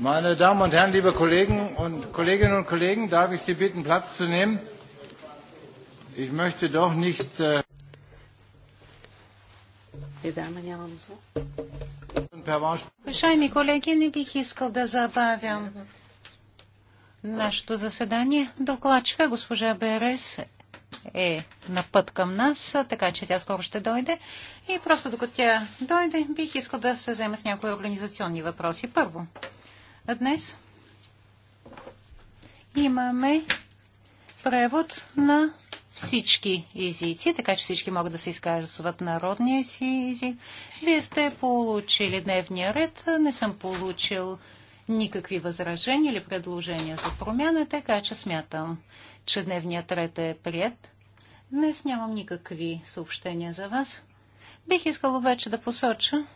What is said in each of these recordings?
Meine Damen und Herren, liebe Kollegen und Kolleginnen und Kollegen, darf ich Sie bitten, Platz zu nehmen? Ich möchte doch nicht. Äh, е, Уважаеми колеги, не бих искал да забавям нашето заседание. Докладчика госпожа Берес е на път към нас, така че тя скоро ще дойде. И просто докато тя дойде, бих искал да се взема с някои организационни въпроси. Първо, Днес имаме превод на всички езици, така че всички могат да се изказват народния си език. Вие сте получили дневния ред, не съм получил никакви възражения или предложения за промяна, така че смятам, че дневният ред е прият. Днес нямам никакви съобщения за вас. Бих искал обаче да посоча,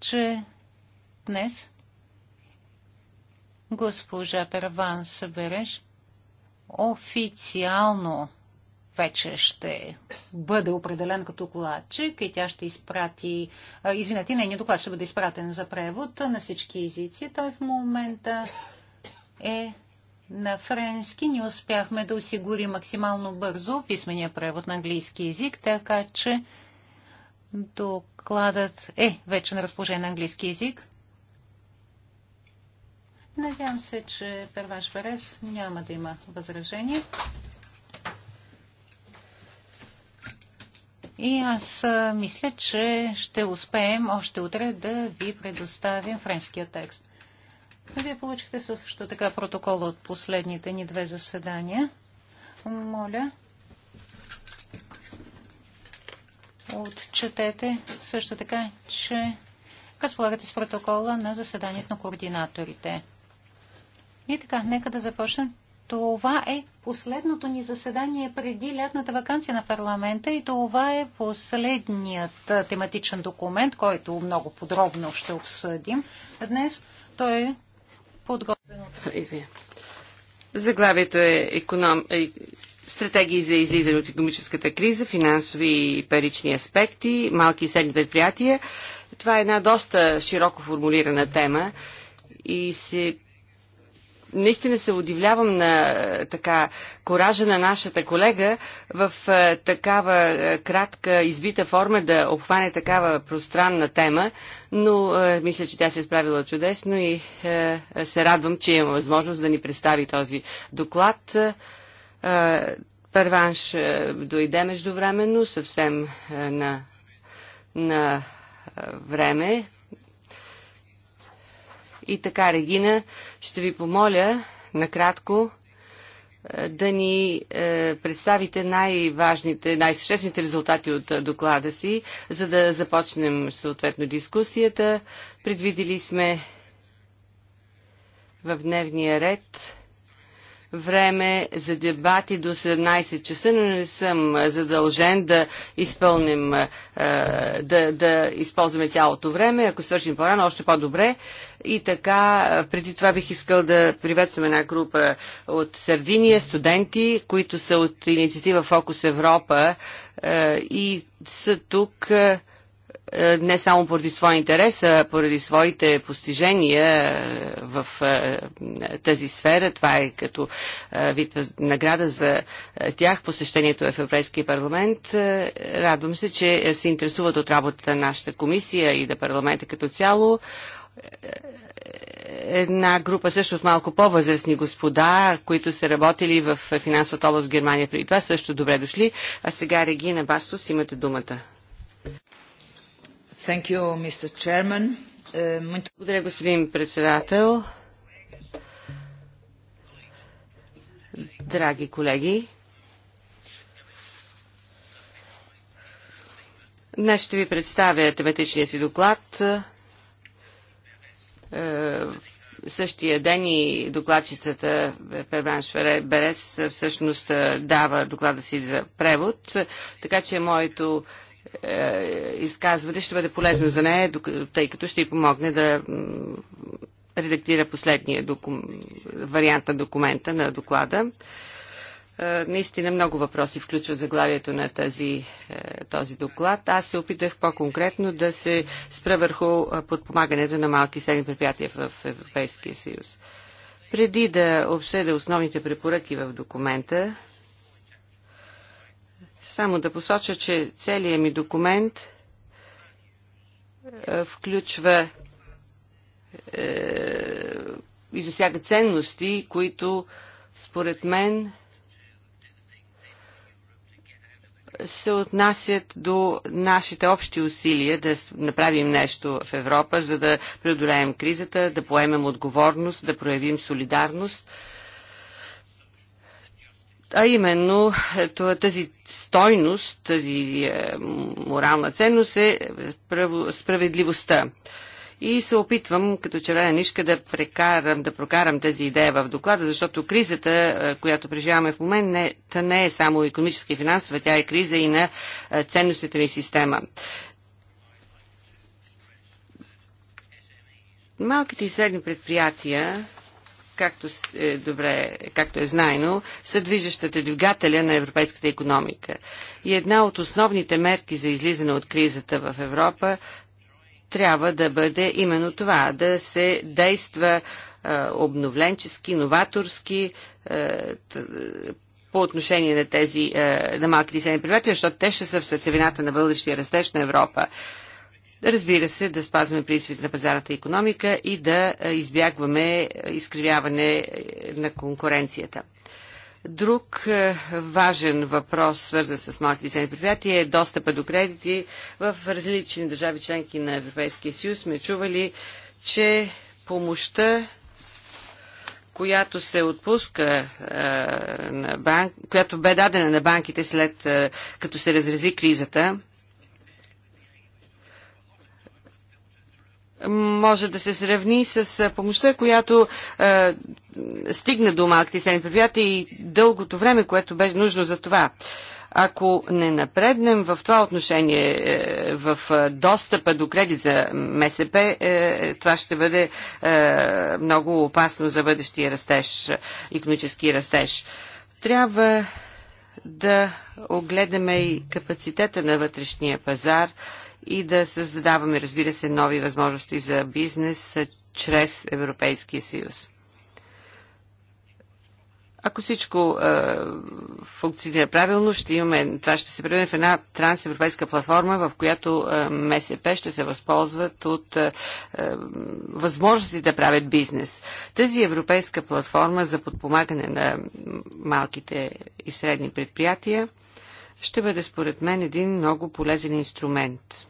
че днес госпожа Перван Събереш официално вече ще бъде определен като докладчик и тя ще изпрати, извинете, нейният доклад ще бъде изпратен за превод на всички езици. Той в момента е на френски. Ние успяхме да осигурим максимално бързо писмения превод на английски язик, така че докладът е вече на разположение на английски язик. Надявам се, че Перваш Берес няма да има възражение. И аз мисля, че ще успеем още утре да ви предоставим френския текст. Вие получихте също така протокола от последните ни две заседания. Моля, отчетете също така, че разполагате с протокола на заседанието на координаторите. И така, нека да започнем. Това е последното ни заседание преди лятната вакансия на парламента и това е последният тематичен документ, който много подробно ще обсъдим. Днес той е подготвен от... Заглавието е економ... Е, стратегии за излизане от економическата криза, финансови и парични аспекти, малки и средни предприятия. Това е една доста широко формулирана тема и се наистина се удивлявам на е, така коража на нашата колега в е, такава е, кратка избита форма да обхване такава пространна тема, но е, мисля, че тя се е справила чудесно и е, се радвам, че има възможност да ни представи този доклад. Е, Първанш дойде междувременно съвсем на, на време и така, Регина, ще ви помоля накратко е, да ни е, представите най-важните, най-съществените резултати от е, доклада си, за да започнем съответно дискусията. Предвидели сме в дневния ред време за дебати до 17 часа, но не съм задължен да изпълним, да, да използваме цялото време. Ако свършим по-рано, още по-добре. И така, преди това бих искал да приветствам една група от Сърдиния, студенти, които са от инициатива Фокус Европа и са тук е, не само поради своя интерес, а поради своите постижения е, в е, тази сфера. Това е като вид награда за тях, посещението в Европейския парламент. Радвам се, че се интересуват от работата на нашата комисия и да парламента като цяло една група също от малко по-възрастни господа, които са работили в финансовата област в Германия преди това, също добре дошли. А сега Регина Бастос, имате думата. Uh, Благодаря, господин председател. Драги колеги, днес ще ви представя тематичния си доклад. Е, същия ден и докладчицата Пребранш Берес всъщност е, дава доклада си за превод, така че моето е, изказване ще бъде полезно за нея, тъй като ще й помогне да редактира последния докум... вариант на документа, на доклада. Е, наистина много въпроси включва заглавието на тази, е, този доклад. Аз се опитах по-конкретно да се спра върху подпомагането на малки и средни предприятия в Европейския съюз. Преди да обсъда основните препоръки в документа, само да посоча, че целият ми документ е, включва е, и засяга ценности, които според мен се отнасят до нашите общи усилия да направим нещо в Европа, за да преодолеем кризата, да поемем отговорност, да проявим солидарност а именно тази стойност, тази е, морална ценност е справедливостта и се опитвам като червена нишка да прекарам, да прокарам тази идея в доклада, защото кризата, е, която преживяваме в момент, не, та не е само економическа и финансова, тя е криза и на е, ценностите ни система. Малките и средни предприятия както е, добре, както е знайно, са движещата двигателя на европейската економика. И една от основните мерки за излизане от кризата в Европа трябва да бъде именно това, да се действа е, обновленчески, новаторски, е, по отношение на тези, е, на малките и средни предприятия, защото те ще са в сърцевината на бъдещия растеж на Европа. Е, Разбира се, да спазваме принципите на пазарната економика и да избягваме изкривяване на конкуренцията. Друг важен въпрос, свързан с малките и средни предприятия, е достъпа до кредити. В различни държави членки на Европейския съюз сме чували, че помощта която се отпуска на банк, която бе дадена на банките след като се разрази кризата, може да се сравни с помощта, която е, стигна до малките и средни предприятия и дългото време, което беше нужно за това. Ако не напреднем в това отношение, е, в достъпа до кредит за МСП, е, това ще бъде е, много опасно за бъдещия растеж, економически растеж. Трябва да огледаме и капацитета на вътрешния пазар и да създаваме, разбира се, нови възможности за бизнес чрез Европейския съюз. Ако всичко е, функционира правилно, ще имаме, това ще се превърне в една трансевропейска платформа, в която е, МСП ще се възползват от е, възможности да правят бизнес. Тази европейска платформа за подпомагане на малките и средни предприятия ще бъде, според мен, един много полезен инструмент.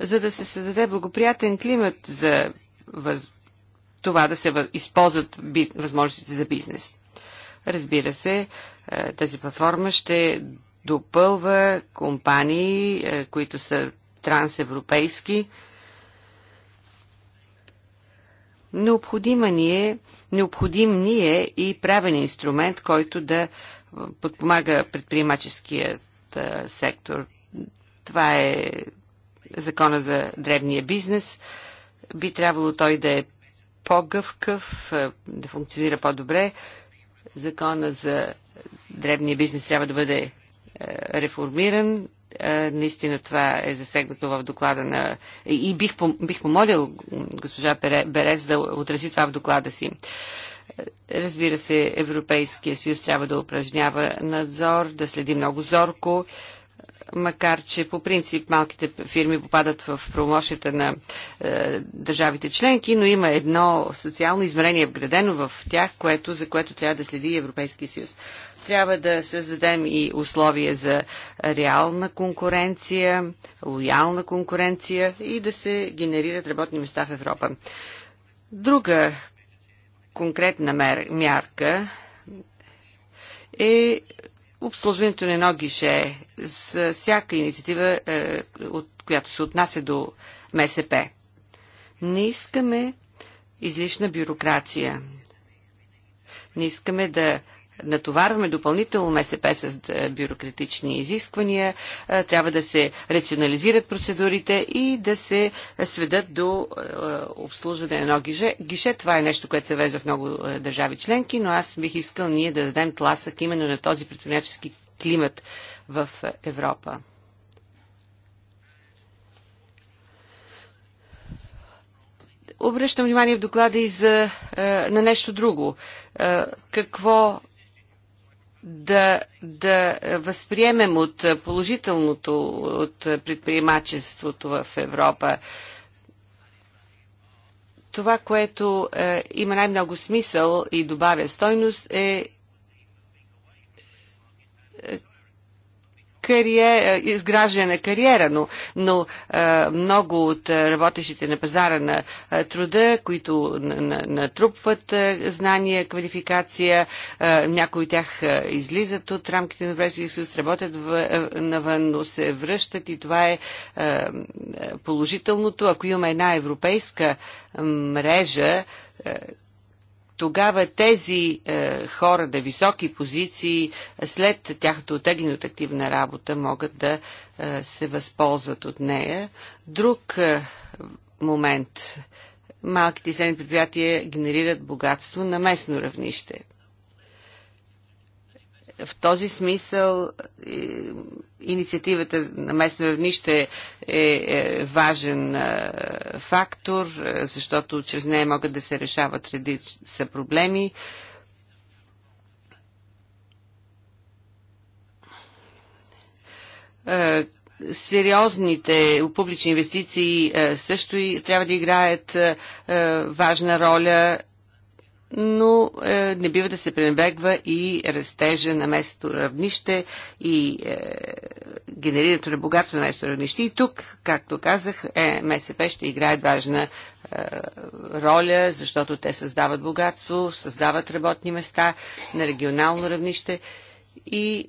за да се създаде благоприятен климат за въз... това да се въз... използват биз... възможностите за бизнес. Разбира се, е, тази платформа ще допълва компании, е, които са трансевропейски. Необходима ни е, необходим ни е и правен инструмент, който да подпомага предприемаческият е, сектор. Това е закона за древния бизнес. Би трябвало той да е по-гъвкъв, е, да функционира по-добре. Закона за древния бизнес трябва да бъде е, реформиран. Е, наистина това е засегнато в доклада на... И бих, бих помолил госпожа Берез да отрази това в доклада си. Разбира се, Европейския съюз трябва да упражнява надзор, да следи много зорко макар че по принцип малките фирми попадат в промощите на е, държавите членки, но има едно социално измерение вградено в тях, което, за което трябва да следи Европейския съюз. Трябва да създадем и условия за реална конкуренция, лоялна конкуренция и да се генерират работни места в Европа. Друга конкретна мер, мярка е обслужването на едно гише с всяка инициатива, е, от която се отнася до МСП. Не искаме излишна бюрокрация. Не искаме да натоварваме допълнително МСП с е, бюрократични изисквания, е, трябва да се рационализират процедурите и да се сведат до е, обслужване на едно гише. гише. Това е нещо, което се везе в много държави членки, но аз бих искал ние да дадем тласък именно на този предпринимачески климат в Европа. Обръщам внимание в доклада и за, на нещо друго. какво да, да възприемем от положителното от предприемачеството в Европа. Това, което е, има най-много смисъл и добавя стойност е Кариера, е, изграждане на кариера, но, но е, много от работещите на пазара на е, труда, които натрупват знания, квалификация, някои от тях излизат от рамките на Европейския съюз, работят в, навън, но се връщат и това е положителното. Ако имаме една европейска мрежа, тогава тези е, хора на високи позиции, след тяхното отегляне от активна работа, могат да е, се възползват от нея. Друг е, момент. Малките и средни предприятия генерират богатство на местно равнище. В този смисъл е, инициативата на местно равнище е, е важен е, фактор, защото чрез нея могат да се решават редица проблеми. Сериозните публични инвестиции също и трябва да играят важна роля но е, не бива да се пренебрегва и растежа на местното равнище и е, генерирането на богатство на местото равнище. И тук, както казах, е, МСП ще играят важна е, роля, защото те създават богатство, създават работни места на регионално равнище и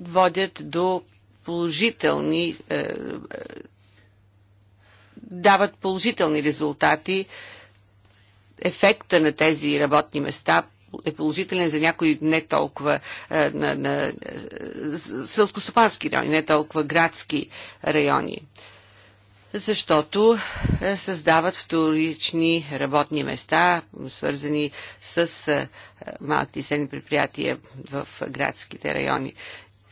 водят до положителни, е, е дават положителни резултати е, ефекта на тези работни места е положителен за някои не толкова е, на, на, на е, селскостопански райони, не толкова градски райони. Защото е, създават вторични работни места, свързани с малките и средни предприятия в градските райони.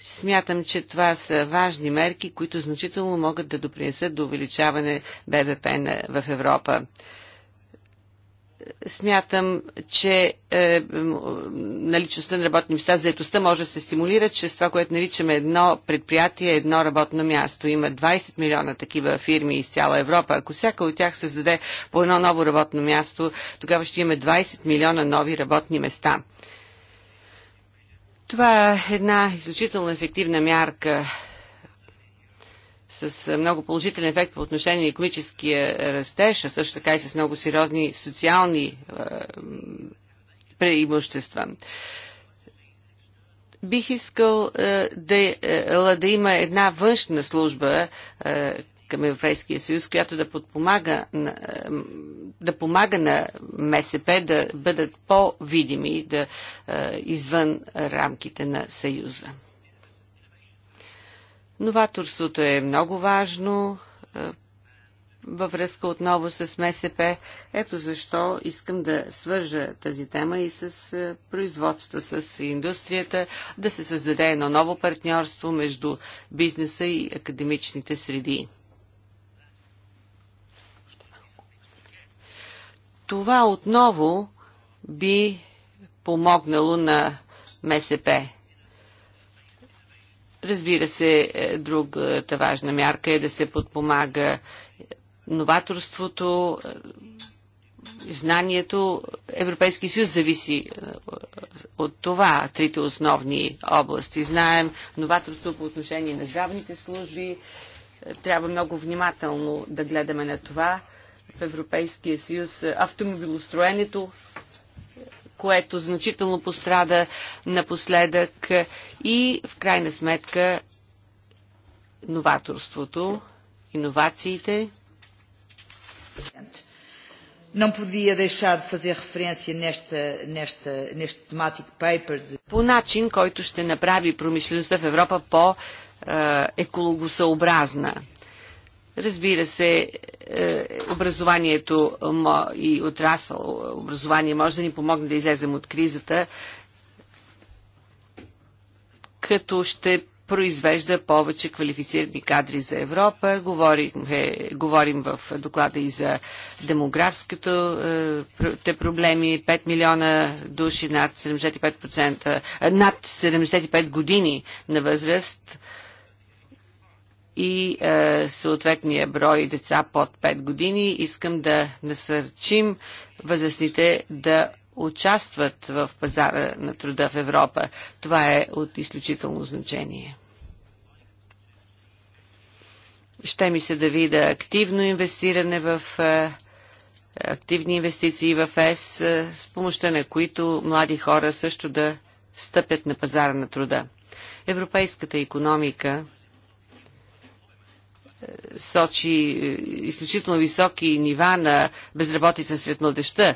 Смятам, че това са важни мерки, които значително могат да допринесат до увеличаване БВП в Европа смятам, че е, наличността на работни места, заедостта може да се стимулира чрез това, което наричаме едно предприятие, едно работно място. Има 20 милиона такива фирми из цяла Европа. Ако всяка от тях създаде по едно ново работно място, тогава ще имаме 20 милиона нови работни места. Това е една изключително ефективна мярка с много положителен ефект по отношение на економическия растеж, а също така и с много сериозни социални преимущества бих искал е, да, е, да има една външна служба е, към Европейския съюз, която да подпомага на, да помага на МСП да бъдат по-видими да, извън рамките на съюза. Новаторството е много важно във връзка отново с МСП. Ето защо искам да свържа тази тема и с производство, с индустрията, да се създаде едно ново партньорство между бизнеса и академичните среди. Това отново би помогнало на МСП. Разбира се, е, другата важна мярка е да се подпомага новаторството, е, знанието. Европейски съюз зависи е, от това, трите основни области. Знаем новаторство по отношение на здравните служби. Трябва много внимателно да гледаме на това. В Европейския съюз автомобилостроенето което значително пострада напоследък и в крайна сметка новаторството, иновациите. Não podia deixar de fazer referência nesta, nesta, neste paper. По начин, който ще направи промишлеността в Европа по-екологосъобразна. Е, Разбира се, е, образованието и отрасъл образование може да ни помогне да излезем от кризата, като ще произвежда повече квалифицирани кадри за Европа. Говорим, е, говорим в доклада и за демографските е, проблеми. 5 милиона души над 75%, е, над 75 години на възраст и е, съответния брой деца под 5 години. Искам да насърчим възрастните да участват в пазара на труда в Европа. Това е от изключително значение. Ще ми се да видя активно инвестиране в е, активни инвестиции в ЕС, е, с помощта на които млади хора също да стъпят на пазара на труда. Европейската економика сочи е, изключително високи нива на безработица сред младеща.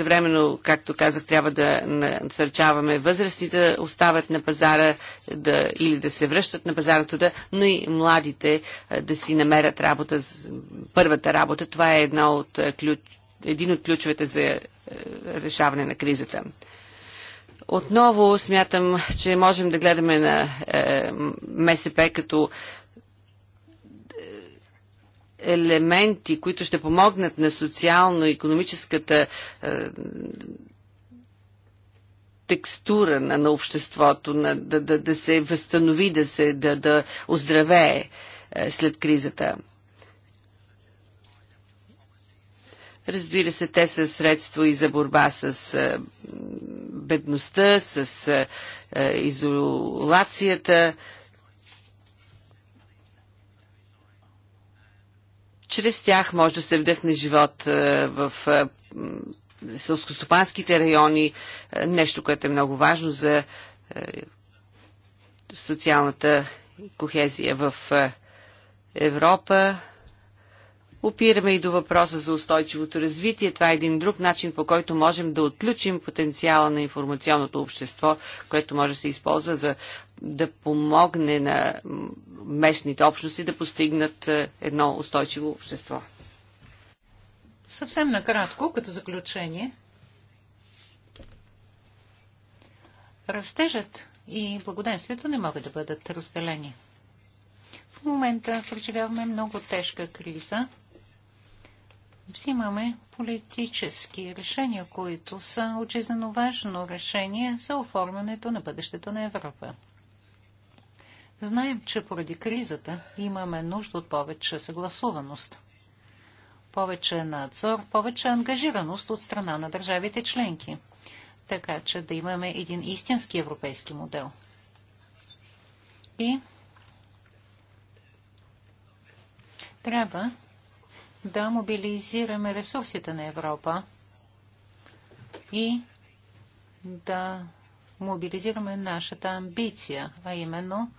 Е, времено, както казах, трябва да насърчаваме възрасти да остават на пазара да, или да се връщат на пазара труда, но и младите е, да си намерят работа, първата работа. Това е една от ключ, един от ключовете за решаване на кризата. Отново смятам, че можем да гледаме на е, МСП като е, елементи, които ще помогнат на социално-економическата е, текстура на, на обществото, на, да, да, да се възстанови, да се да, да оздравее е, след кризата. Разбира се, те са средство и за борба с е, бедността, с е, е изолацията. Е, Чрез тях може да се вдъхне живот е, в е, сълскостопанските райони, е, нещо, което е много важно за социалната кохезия в Европа. Опираме и до въпроса за устойчивото развитие. Това е един друг начин, по който можем да отключим потенциала на информационното общество, което може да се използва за да помогне на местните общности да постигнат е, едно устойчиво общество. Съвсем накратко, като заключение. Растежът и благоденствието не могат да бъдат разделени. В момента преживяваме много тежка криза взимаме политически решения, които са очизнено важно решение за оформянето на бъдещето на Европа. Знаем, че поради кризата имаме нужда от повече съгласуваност, повече надзор, повече ангажираност от страна на държавите членки, така че да имаме един истински европейски модел. И трябва да мобилизираме ресурсите на Европа и да мобилизираме нашата амбиция, а именно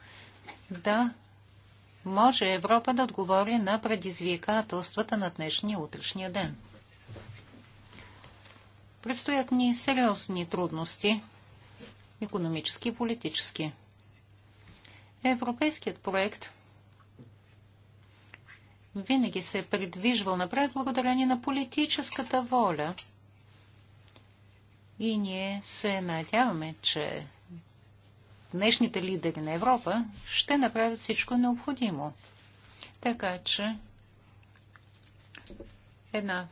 да може Европа да отговори на предизвикателствата на днешния утрешния ден. Предстоят ни сериозни трудности, економически и политически. Европейският проект – винаги се е придвижвал напред благодарение на политическата воля. И ние се надяваме, че днешните лидери на Европа ще направят всичко необходимо. Така че една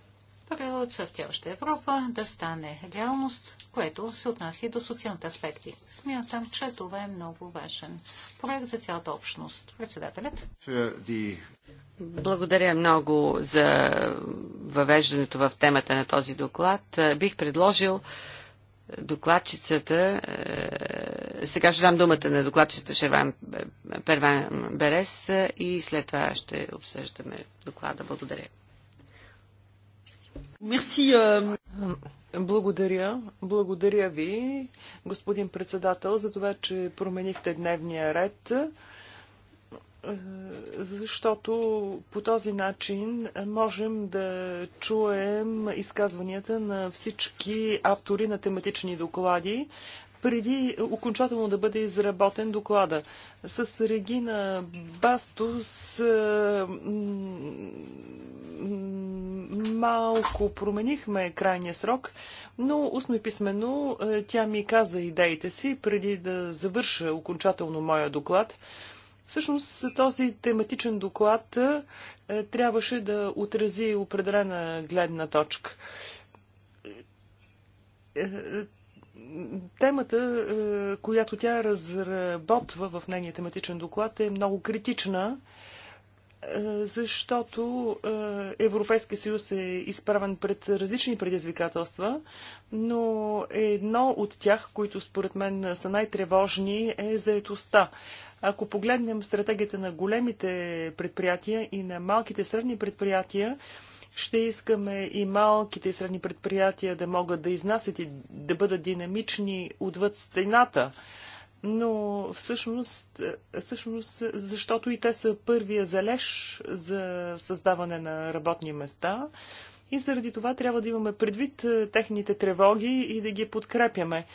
преоцъфтяваща Европа да стане реалност, което се отнася и до социалните аспекти. Смятам, че това е много важен проект за цялата общност. Председателят. Благодаря много за въвеждането в темата на този доклад. Е, бих предложил докладчицата, е, сега ще дам думата на докладчицата Шерван е, Перван Берес и след това ще обсъждаме доклада. Благодаря. Мерси. Благодаря. Благодаря ви, господин председател, за това, че променихте дневния ред. Е, защото по този начин можем да чуем изказванията на всички автори на тематични доклади, преди окончателно да бъде изработен доклада. С Регина Бастус е, малко променихме крайния срок, но устно и писменно е, тя ми каза идеите си преди да завърша окончателно моя доклад. Всъщност този тематичен доклад е, трябваше да отрази определена гледна точка. Е, е, темата, която тя разработва в нейния тематичен доклад е много критична, защото Европейския съюз е изправен пред различни предизвикателства, но едно от тях, които според мен са най-тревожни, е заетостта. Ако погледнем стратегията на големите предприятия и на малките средни предприятия, ще искаме и малките и средни предприятия да могат да изнасят и да бъдат динамични отвъд стената. Но всъщност, всъщност, защото и те са първия залеж за създаване на работни места, и заради това трябва да имаме предвид е, техните тревоги и да ги подкрепяме.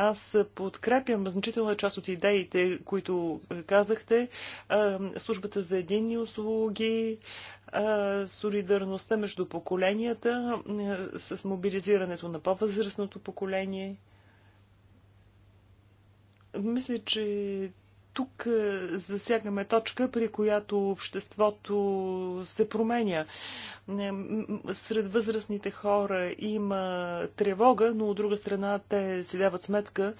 Аз подкрепям значителна част от идеите, които е, казахте. Службата за единни услуги, солидарността между поколенията, с мобилизирането на по-възрастното поколение. Мисля, че тук е, засягаме точка, при която обществото се променя сред възрастните хора има тревога, но от друга страна те си дават сметка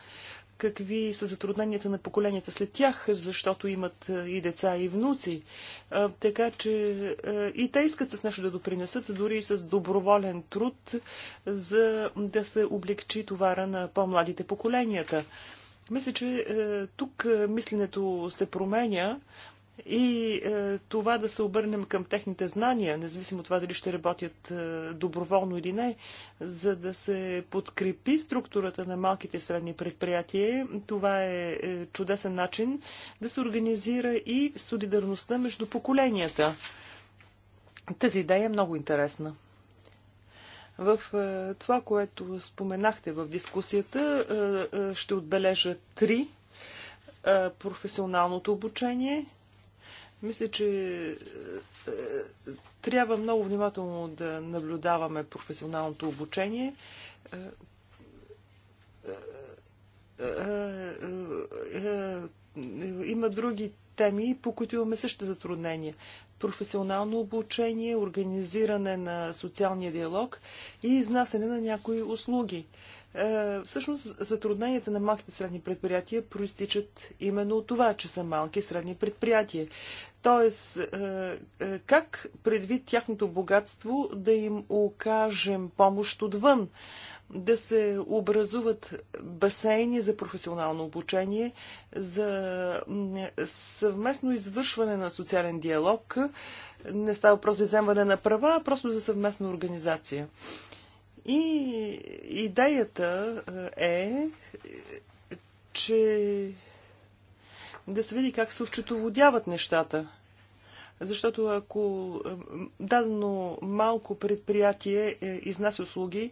какви са затрудненията на поколенията след тях, защото имат е, и деца, и внуци. Така че е, и те искат с нещо да допринесат, дори и с доброволен труд, за да се облегчи товара на по-младите поколенията. Мисля, че е, тук мисленето се променя и е, това да се обърнем към техните знания, независимо от това дали ще работят е, доброволно или не, за да се подкрепи структурата на малките и средни предприятия, това е, е чудесен начин да се организира и солидарността между поколенията. Тази идея е много интересна. В е, това, което споменахте в дискусията, е, е, ще отбележа три е, професионалното обучение – мисля, че е, е, трябва много внимателно да наблюдаваме професионалното обучение. Е, има други теми, по които имаме същите затруднения. Професионално обучение, организиране на социалния диалог и изнасяне на някои услуги. Всъщност, затрудненията на малките средни предприятия проистичат именно от това, че са малки средни предприятия. Тоест, е, е, как предвид тяхното богатство да им окажем помощ отвън? да се образуват басейни за професионално обучение, за съвместно извършване на социален диалог. Не става въпрос за вземане на права, а просто за съвместна организация. И идеята е, че да се види как се осчетоводяват нещата. Защото ако е, дадено малко предприятие е, изнася услуги,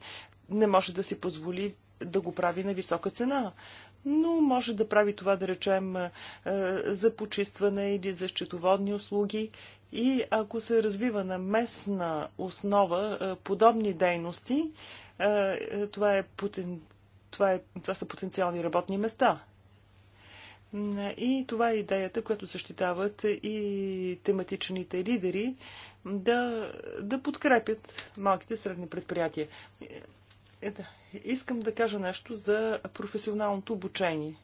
не може да си позволи да го прави на висока цена. Но може да прави това, да речем, е, за почистване или за счетоводни услуги. И ако се развива на местна основа подобни дейности, това, е, това, е, това са потенциални работни места. И това е идеята, която защитават и тематичните лидери да, да подкрепят малките средни предприятия. Е, да. Искам да кажа нещо за професионалното обучение.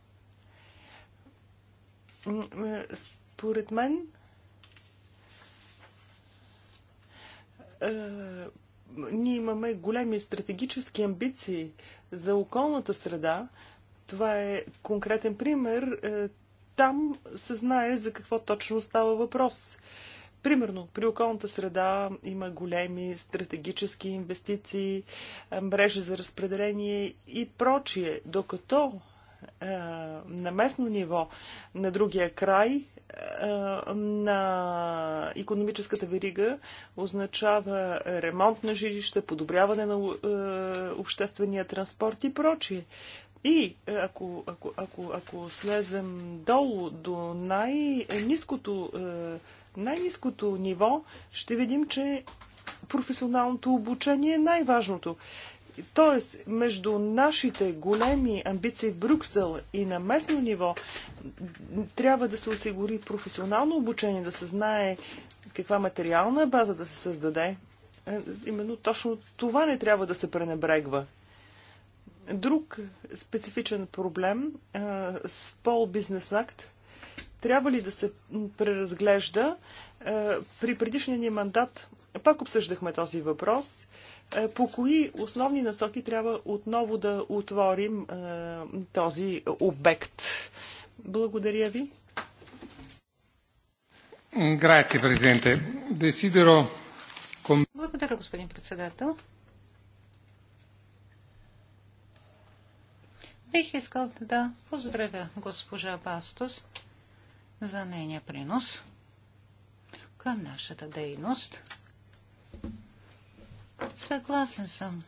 Според мен е, ние имаме големи стратегически амбиции за околната среда, това е конкретен пример. Е, там се знае за какво точно става въпрос. Примерно, при околната среда има големи стратегически инвестиции, е, мрежи за разпределение и прочие, докато е, на местно ниво, на другия край на економическата верига означава ремонт на жилища, подобряване на обществения транспорт и прочие. И е, ако, ако, ако, ако слезем долу до най-низкото, е, най-низкото ниво, ще видим, че професионалното обучение е най-важното. Тоест, между нашите големи амбиции в Брюксел и на местно ниво трябва да се осигури професионално обучение, да се знае каква материална база да се създаде. Е, именно точно това не трябва да се пренебрегва. Друг специфичен проблем с Пол Бизнес Акт трябва ли да се преразглежда? При предишния ни мандат пак обсъждахме този въпрос. По кои основни насоки трябва отново да отворим този обект? Благодаря ви. Благодаря, господин председател. Бих искал да поздравя госпожа Бастос за нейния принос към нашата дейност. Съгласен съм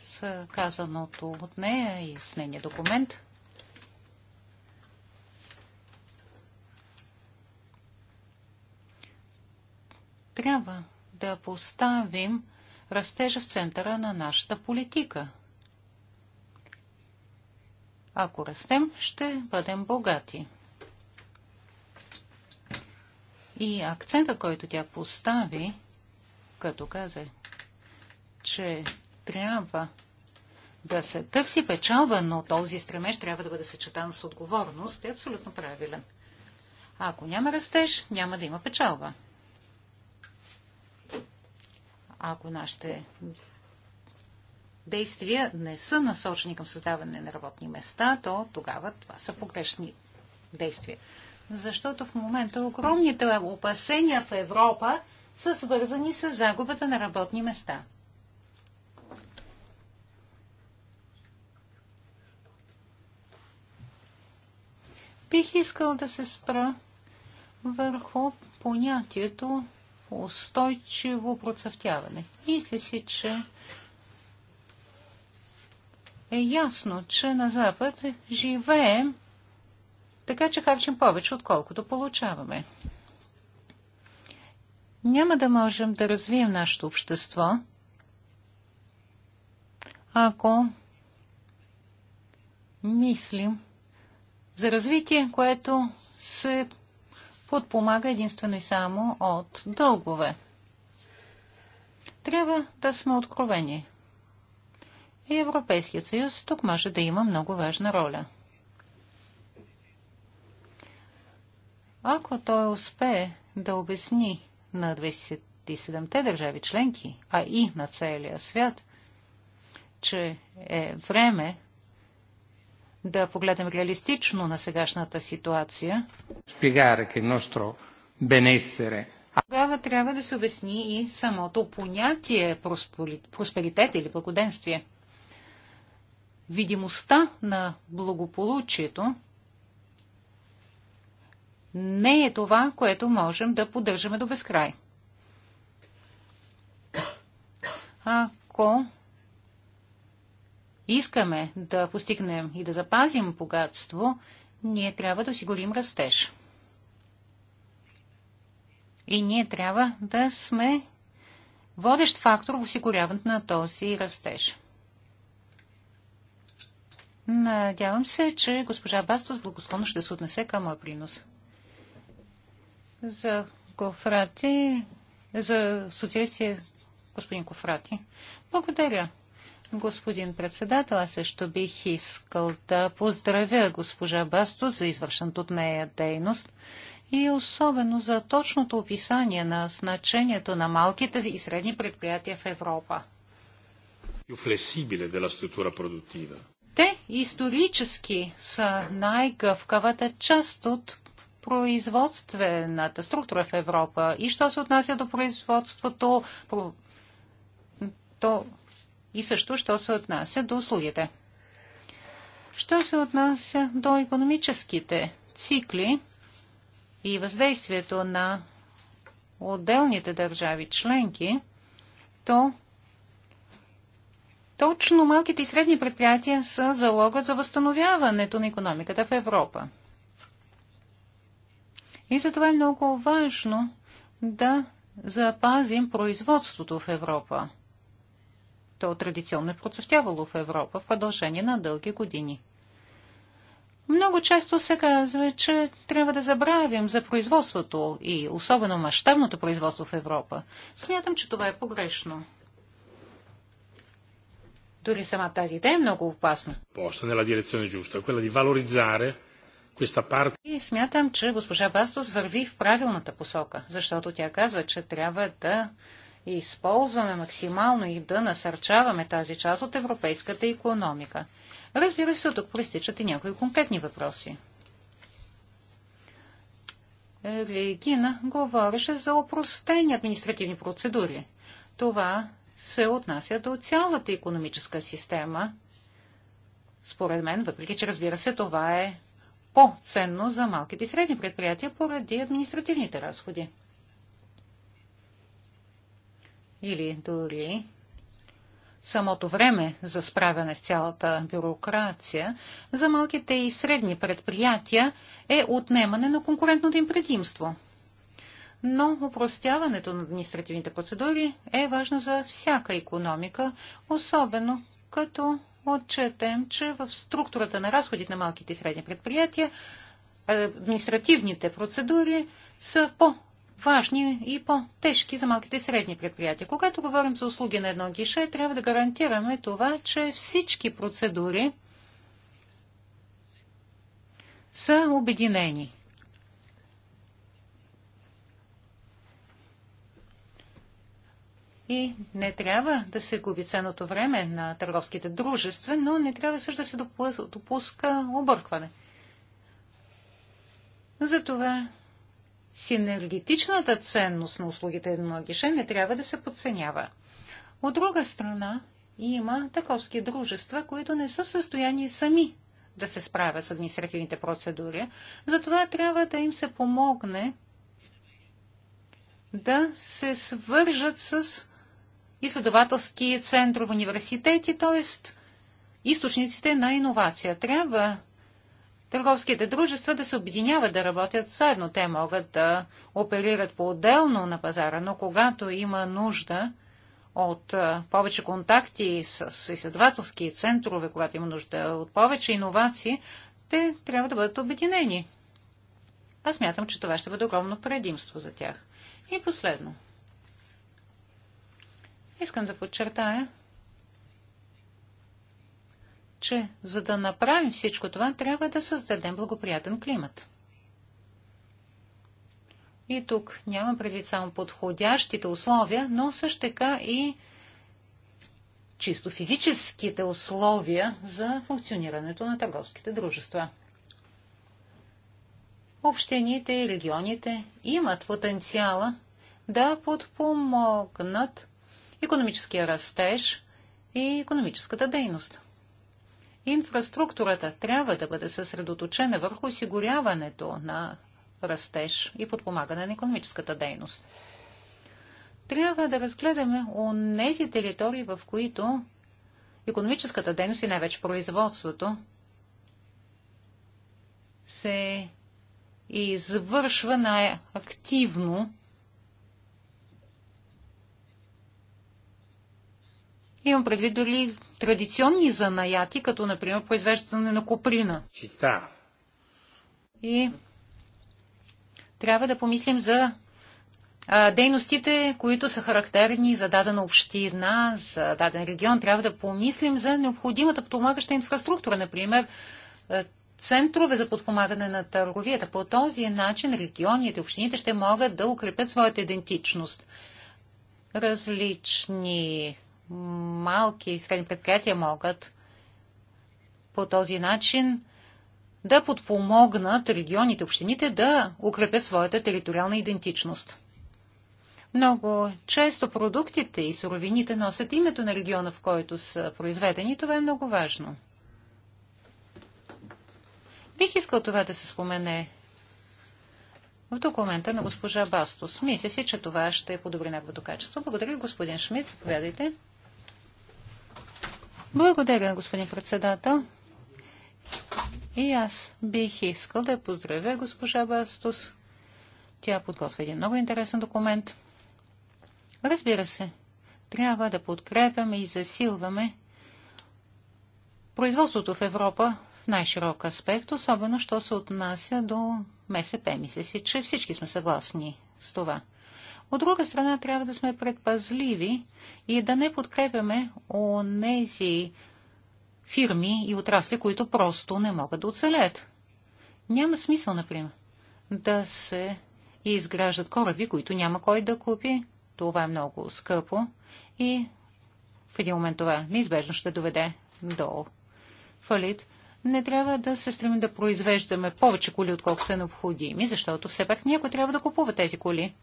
с казаното от нея и с нейния документ. Трябва да поставим растежа в центъра на нашата политика – ако растем, ще бъдем богати. И акцентът, който тя постави, като каза, че трябва да се търси печалба, но този стремеж трябва да бъде съчетан с отговорност, е абсолютно правилен. А ако няма растеж, няма да има печалба. Ако нашите действия не са насочени към създаване на работни места, то тогава това са погрешни действия. Защото в момента огромните опасения в Европа са свързани с загубата на работни места. Бих искал да се спра върху понятието устойчиво процъфтяване. Мисля си, че е ясно, че на Запад живеем така, че харчим повече, отколкото получаваме. Няма да можем да развием нашето общество, ако мислим за развитие, което се подпомага единствено и само от дългове. Трябва да сме откровени. И Европейският съюз тук може да има много важна роля. Ако той успее да обясни на 27-те държави членки, а и на целия свят, че е време да погледнем реалистично на сегашната ситуация, тогава трябва да се обясни и самото понятие просперитет или благоденствие видимостта на благополучието не е това, което можем да поддържаме до безкрай. Ако искаме да постигнем и да запазим богатство, ние трябва да осигурим растеж. И ние трябва да сме водещ фактор в осигуряването на този растеж. Надявам се, че госпожа Бастос благосклонно ще се отнесе към моя принос. За Кофрати, за социалисти е господин Кофрати. Благодаря. Господин председател, аз също бих искал да поздравя госпожа Бастос за извършената от нея дейност и особено за точното описание на значението на малките и средни предприятия в Европа. Più flessibile della struttura produttiva. Те исторически са най-гъвкавата част от производствената структура в Европа. И що се отнася до производството, то и също, що се отнася до услугите. Що се отнася до економическите цикли и въздействието на отделните държави членки, то точно малките и средни предприятия са залога за възстановяването на економиката в Европа. И затова е много важно да запазим производството в Европа. То традиционно е процъфтявало в Европа в продължение на дълги години. Много често се казва, че трябва да забравим за производството и особено мащабното производство в Европа. Смятам, че това е погрешно. Дори сама тази идея е много опасна. Е и смятам, че госпожа Бастос върви в правилната посока, защото тя казва, че трябва да използваме максимално и да насърчаваме тази част от европейската економика. Разбира се, от тук проистичат и някои конкретни въпроси. Регина говореше за опростени административни процедури. Това се отнася до цялата економическа система. Според мен, въпреки че разбира се, това е по-ценно за малките и средни предприятия поради административните разходи. Или дори самото време за справяне с цялата бюрокрация за малките и средни предприятия е отнемане на конкурентното им предимство – но упростяването на административните процедури е важно за всяка економика, особено като отчетем, че в структурата на разходите на малките и средни предприятия административните процедури са по важни и по-тежки за малките и средни предприятия. Когато говорим за услуги на едно гише, трябва да гарантираме това, че всички процедури са обединени. И не трябва да се губи ценното време на търговските дружества, но не трябва също да се допуска объркване. Затова синергетичната ценност на услугите на гише не трябва да се подценява. От друга страна, има търговски дружества, които не са в състояние сами да се справят с административните процедури. Затова трябва да им се помогне да се свържат с изследователски в университети, т.е. източниците на иновация. Трябва търговските дружества да се объединяват, да работят заедно. Те могат да оперират по-отделно на пазара, но когато има нужда от повече контакти с изследователски центрове, когато има нужда от повече иновации, те трябва да бъдат обединени. Аз мятам, че това ще бъде огромно предимство за тях. И последно – Искам да подчертая, че за да направим всичко това, трябва да създадем благоприятен климат. И тук нямам предвид само подходящите условия, но също така и чисто физическите условия за функционирането на търговските дружества. Общините и регионите имат потенциала да подпомогнат економическия растеж и економическата дейност. Инфраструктурата трябва да бъде съсредоточена върху осигуряването на растеж и подпомагане на економическата дейност. Трябва да разгледаме нези територии, в които економическата дейност и най-вече производството се извършва най-активно Имам предвид дори традиционни занаяти, като например произвеждане на куприна. Чита. И трябва да помислим за а, дейностите, които са характерни за дадена община, за даден регион. Трябва да помислим за необходимата подпомагаща инфраструктура, например центрове за подпомагане на търговията. По този начин регионите, общините ще могат да укрепят своята идентичност. Различни малки и средни предприятия могат по този начин да подпомогнат регионите, общините да укрепят своята териториална идентичност. Много често продуктите и суровините носят името на региона, в който са произведени. Това е много важно. Бих искал това да се спомене в документа на госпожа Бастос. Мисля си, че това ще подобри неговото качество. Благодаря, господин Шмидт. Заповядайте. Благодаря, господин председател. И аз бих искал да поздравя госпожа Бастус. Тя подготвя един много интересен документ. Разбира се, трябва да подкрепяме и засилваме производството в Европа в най-широк аспект, особено що се отнася до МСП. Мисля си, че всички сме съгласни с това. От друга страна, трябва да сме предпазливи и да не подкрепяме онези фирми и отрасли, които просто не могат да оцелят. Няма смисъл, например, да се изграждат кораби, които няма кой да купи. Това е много скъпо и в един момент това неизбежно ще доведе до фалит. Не трябва да се стремим да произвеждаме повече коли, отколкото са необходими, защото все пак някой трябва да купува тези коли.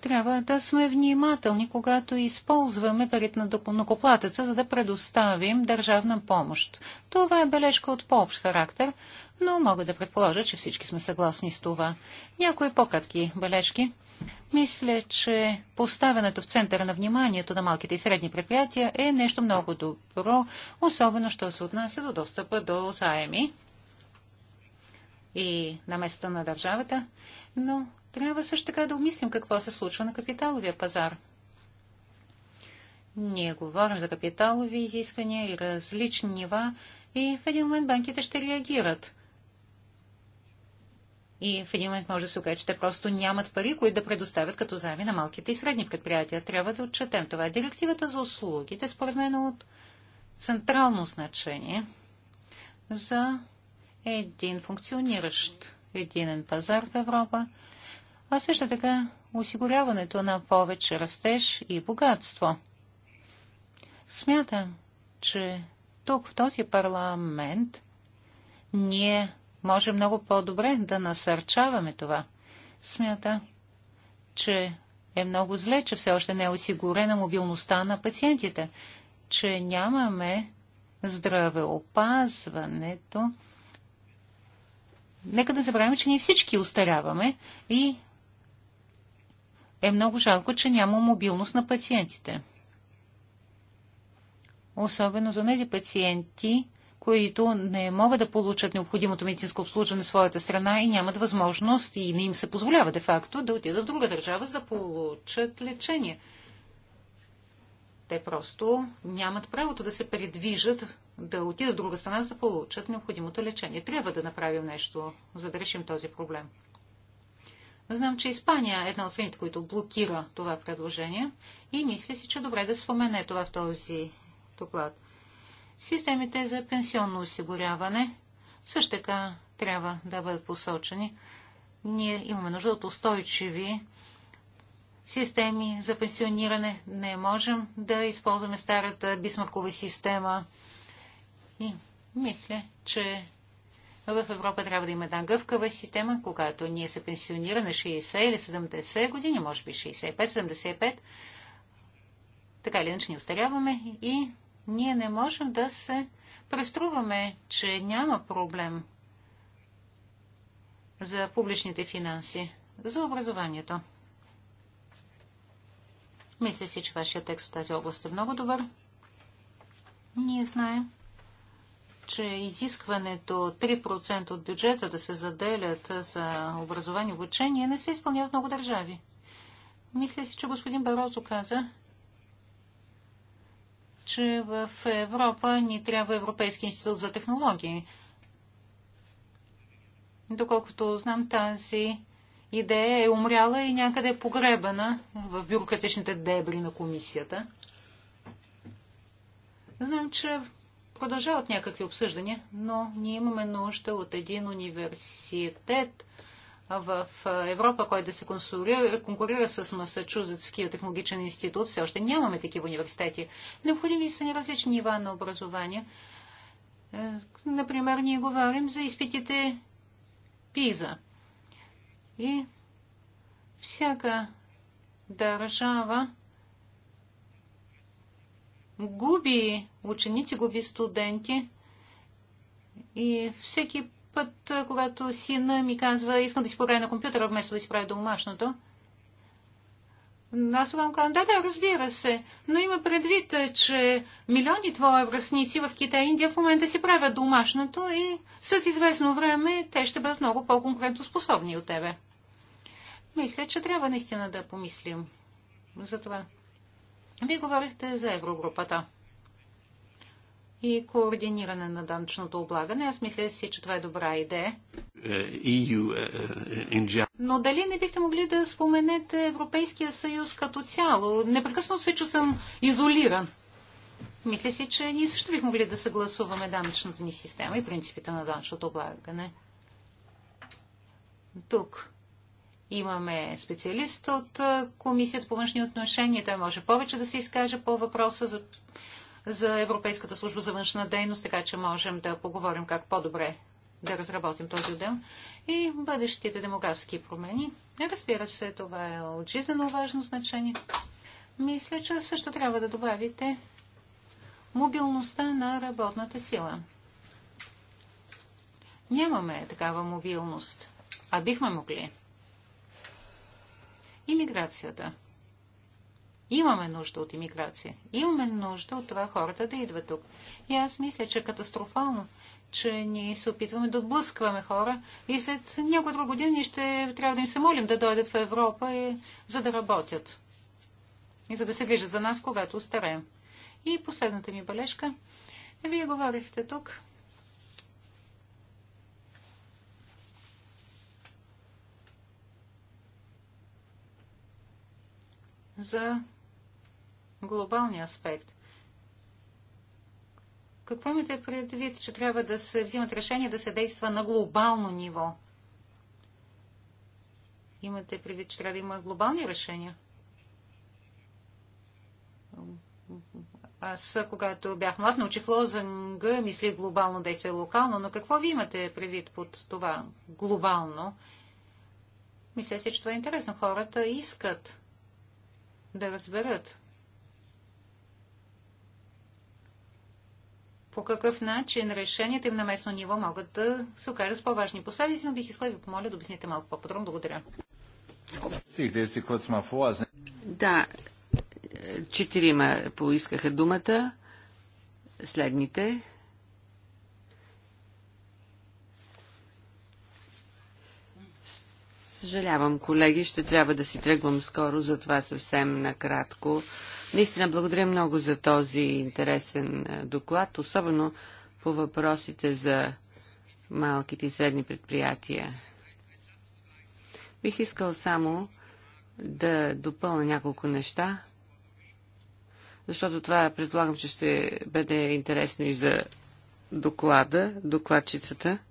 Трябва да сме внимателни, когато използваме парите на накоплатеца, за да предоставим държавна помощ. Това е бележка от по-общ характер, но мога да предположа, че всички сме съгласни с това. Някои по-кратки бележки. Мисля, че поставянето в центъра на вниманието на малките и средни предприятия е нещо много добро, особено що се отнася до достъпа до заеми и на места на държавата, но трябва също така да умислим какво се случва на капиталовия пазар. Ние говорим за капиталови изисквания и различни нива и в един момент банките ще реагират. И в един момент може да се окаже, че те просто нямат пари, които да предоставят като заеми на малките и средни предприятия. Трябва да отчетем това. Е директивата за услугите, според мен, е от централно значение за един функциониращ единен пазар в Европа, а също така осигуряването на повече растеж и богатство. Смятам, че тук в този парламент ние може много по-добре да насърчаваме това. Смята, че е много зле, че все още не е осигурена мобилността на пациентите, че нямаме здравеопазването. Нека да забравим, че ние всички устаряваме и е много жалко, че няма мобилност на пациентите. Особено за тези пациенти, които не могат да получат необходимото медицинско обслужване в своята страна и нямат възможност и не им се позволява де-факто да отидат в друга държава, за да получат лечение. Те просто нямат правото да се предвижат да отидат в друга страна, за да получат необходимото лечение. Трябва да направим нещо, за да решим този проблем. Знам, че Испания е една от страните, които блокира това предложение и мисля си, че е добре да спомене това в този доклад. Системите за пенсионно осигуряване също така трябва да бъдат посочени. Ние имаме нужда от устойчиви системи за пенсиониране. Не можем да използваме старата бисмаркова система. И мисля, че в Европа трябва да има една гъвкава система, когато ние се пенсионира на 60 или 70 години, може би 65-75. Така или иначе ни остаряваме и ние не можем да се преструваме, че няма проблем за публичните финанси, за образованието. Мисля си, че вашия текст в тази област е много добър. Ние знаем, че изискването 3% от бюджета да се заделят за образование и обучение не се изпълнява в много държави. Мисля си, че господин Барозо каза, че в Европа ни трябва Европейски институт за технологии. Доколкото знам, тази идея е умряла и някъде е погребана в бюрократичните дебри на комисията. Знам, че продължават някакви обсъждания, но ние имаме нужда от един университет в Европа, който да се конкурира, конкурира с Масачузетския технологичен институт. Все още нямаме такива университети. Необходими са ни различни нива на образование. Е, например, ние говорим за изпитите ПИЗА. И всяка държава губи ученици, губи студенти. И всеки път, когато сина ми казва, искам да си поправя на компютъра, вместо да си правя домашното, аз това му казвам, да, да, разбира се, но има предвид, че милиони твои връзници в Китай и Индия в момента си правят домашното и след известно време те ще бъдат много по-конкурентоспособни от тебе. Мисля, че трябва наистина да помислим за това. Вие говорихте за еврогрупата и координиране на данъчното облагане. Аз мисля си, че това е добра идея. Е, е, е, Но дали не бихте могли да споменете Европейския съюз като цяло? Непрекъснато се, чувствам съм изолиран. Мисля си, че ние също бих могли да съгласуваме данъчната ни система и принципите на данъчното облагане. Тук Имаме специалист от Комисията по външни отношения. Той може повече да се изкаже по въпроса за, за Европейската служба за външна дейност, така че можем да поговорим как по-добре да разработим този отдел и бъдещите демографски промени. Разбира се, това е от жизнено важно значение. Мисля, че също трябва да добавите мобилността на работната сила. Нямаме такава мобилност, а бихме могли. Имиграцията. Имаме нужда от имиграция. Имаме нужда от това хората да идват тук. И аз мисля, че е катастрофално, че ние се опитваме да отблъскваме хора и след някои друг години ще трябва да им се молим да дойдат в Европа, и, за да работят. И за да се грижат за нас, когато устареем. И последната ми бележка. Вие говорихте тук за глобалния аспект. Какво имате предвид, че трябва да се взимат решения да се действа на глобално ниво? Имате предвид, че трябва да има глобални решения? Аз, когато бях млад, научих лозунга, мислих глобално действие локално, но какво ви имате предвид под това глобално? Мисля се, че това е интересно. Хората искат да разберат по какъв начин решенията им на местно ниво могат да се окажат с по-важни последици, но бих искала да ви помоля да обясните малко по-подробно. Благодаря. Да, е, четирима поискаха думата. Следните. Съжалявам, колеги, ще трябва да си тръгвам скоро, затова съвсем накратко. Наистина благодаря много за този интересен доклад, особено по въпросите за малките и средни предприятия. Бих искал само да допълня няколко неща, защото това предполагам, че ще бъде интересно и за доклада, докладчицата –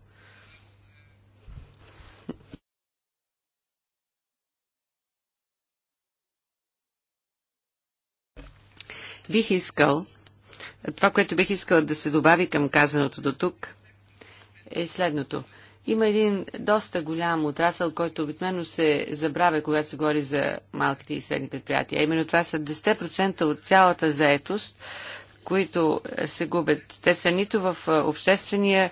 Бих искал, това, което бих искал да се добави към казаното до тук, е следното. Има един доста голям отрасъл, който обикновено се забравя, когато се говори за малките и средни предприятия. Именно това са 10% от цялата заетост, които се губят. Те са нито в обществения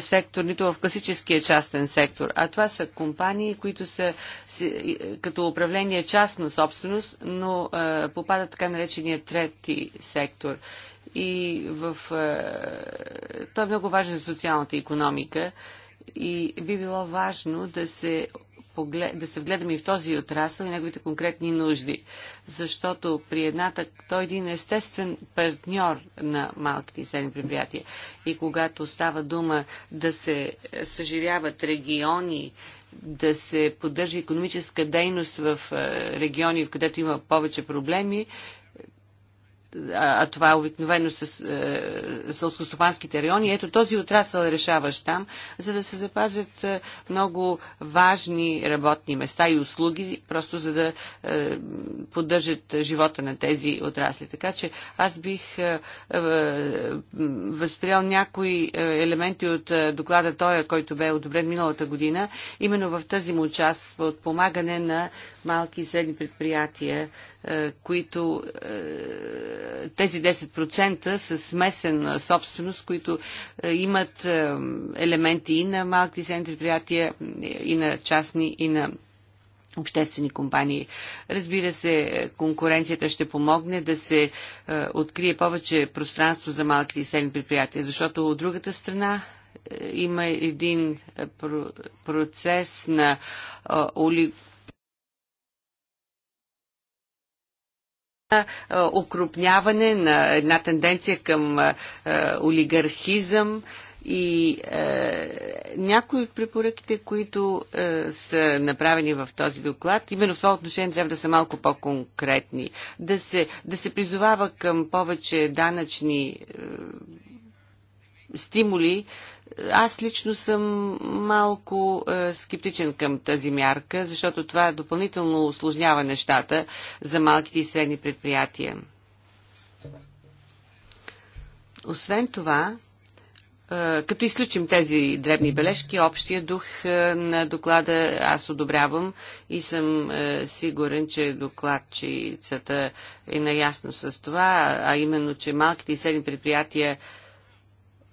сектор, нито в класическия частен сектор. А това са компании, които са като управление частна собственост, но попадат така наречения трети сектор. И в... Той е много важен за социалната економика и би било важно да се да се вгледаме и в този отрасъл и неговите конкретни нужди. Защото при едната, той е един естествен партньор на малките и средни предприятия. И когато става дума да се съживяват региони, да се поддържа економическа дейност в е, региони, в където има повече проблеми, а, а това е обикновено с е, селскостопанските сълскостопанските райони. Ето този отрасъл е решаваш там, за да се запазят е, много важни работни места и услуги, просто за да поддържат живота на тези отрасли. Така че аз бих възприел възприял някои елементи от доклада Той, който бе одобрен миналата година, именно в тази му част от помагане на малки и средни предприятия, е, които е, тези 10% са смесена е, собственост, които имат елементи и на малки и средни предприятия, и на частни, и на обществени компании. Разбира се, конкуренцията ще помогне да се открие повече пространство за малки и средни предприятия, защото от другата страна има един процес на е, укрупняване на една тенденция към олигархизъм и е, някои от препоръките, които е, са направени в този доклад, именно в това отношение трябва да са малко по-конкретни. Да се, да се призовава към повече данъчни е, стимули аз лично съм малко е, скептичен към тази мярка, защото това допълнително осложнява нещата за малките и средни предприятия. Освен това, е, като изключим тези дребни бележки, общия дух е, на доклада аз одобрявам и съм е, сигурен, че докладчицата е наясно с това, а именно, че малките и средни предприятия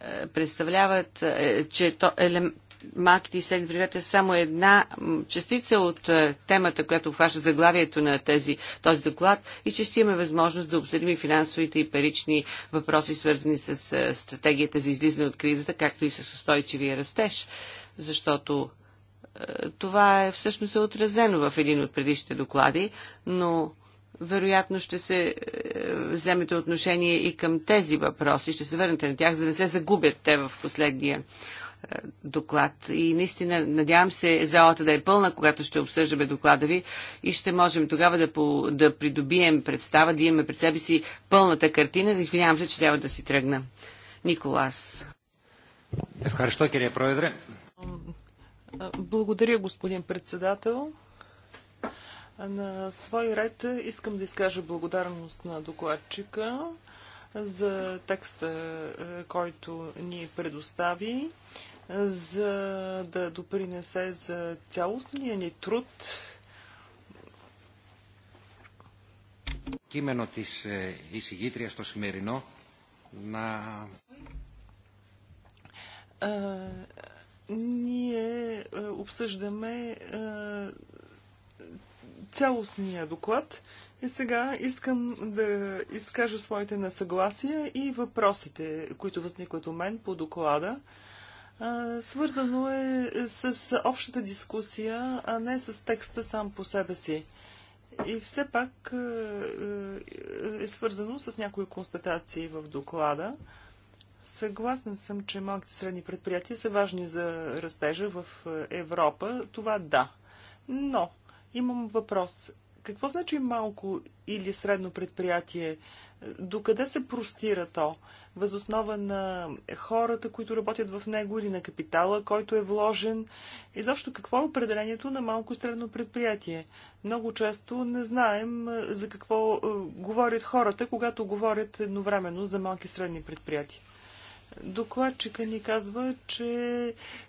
е, представляват, е, че то, елем, малките и средни предприятия са само една частица от е, темата, която обхваща заглавието на тези, този доклад и че ще имаме възможност да обсъдим и финансовите и парични въпроси, свързани с стратегията за излизане от кризата, както и с устойчивия растеж, защото това е всъщност е отразено в един от предишните доклади, но вероятно ще се е, вземете отношение и към тези въпроси. Ще се върнете на тях, за да не се загубят те в последния е, доклад. И наистина, надявам се, залата да е пълна, когато ще обсъждаме доклада ви и ще можем тогава да, по, да придобием представа, да имаме пред себе си пълната картина. Извинявам се, че трябва да си тръгна. Николас. Благодаря, господин председател. На свой ред искам да изкажа благодарност на докладчика за текста, е, който ни предостави, за да допринесе за цялостния ни труд. Кимено της εισηγήτριας το σημερινό να... Ние е, обсъждаме е, цялостния доклад. И сега искам да изкажа своите несъгласия и въпросите, които възникват у мен по доклада. Свързано е с общата дискусия, а не с текста сам по себе си. И все пак е, е свързано с някои констатации в доклада. Съгласен съм, че малките и средни предприятия са важни за растежа в е, Европа. Това да. Но Имам въпрос. Какво значи малко или средно предприятие? Докъде се простира то? Възоснова на хората, които работят в него или на капитала, който е вложен? И защо какво е определението на малко и средно предприятие? Много често не знаем за какво говорят хората, когато говорят едновременно за малки и средни предприятия. Докладчика ни казва, че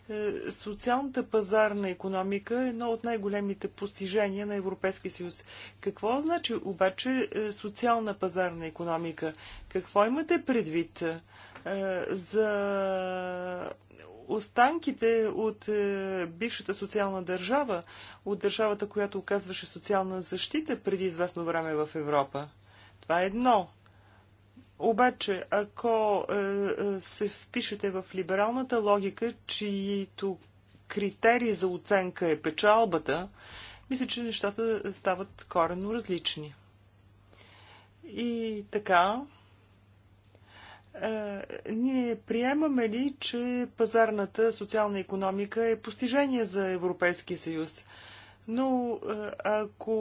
е, социалната пазарна економика е едно от най-големите постижения на Европейския съюз. Какво значи обаче е, социална пазарна економика? Какво имате предвид е, за останките от бившата социална държава, от държавата, която оказваше социална защита преди известно време в Европа? Това е едно. Обаче, ако е, е, се впишете в либералната логика, чието критерий за оценка е печалбата, мисля, че нещата стават коренно различни. И така, е, ние приемаме ли, че пазарната социална економика е постижение за Европейския съюз? Но е, ако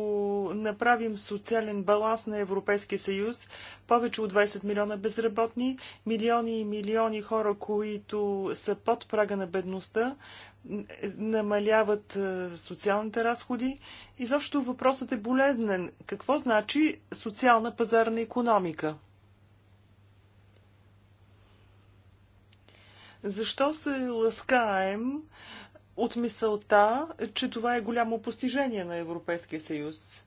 направим социален баланс на Европейския съюз, повече от 20 милиона безработни, милиони и милиони хора, които са под прага на бедността, намаляват е, социалните разходи. И Изобщо въпросът е болезнен. Какво значи социална пазарна економика? Защо се ласкаем? от мисълта, че това е голямо постижение на Европейския съюз.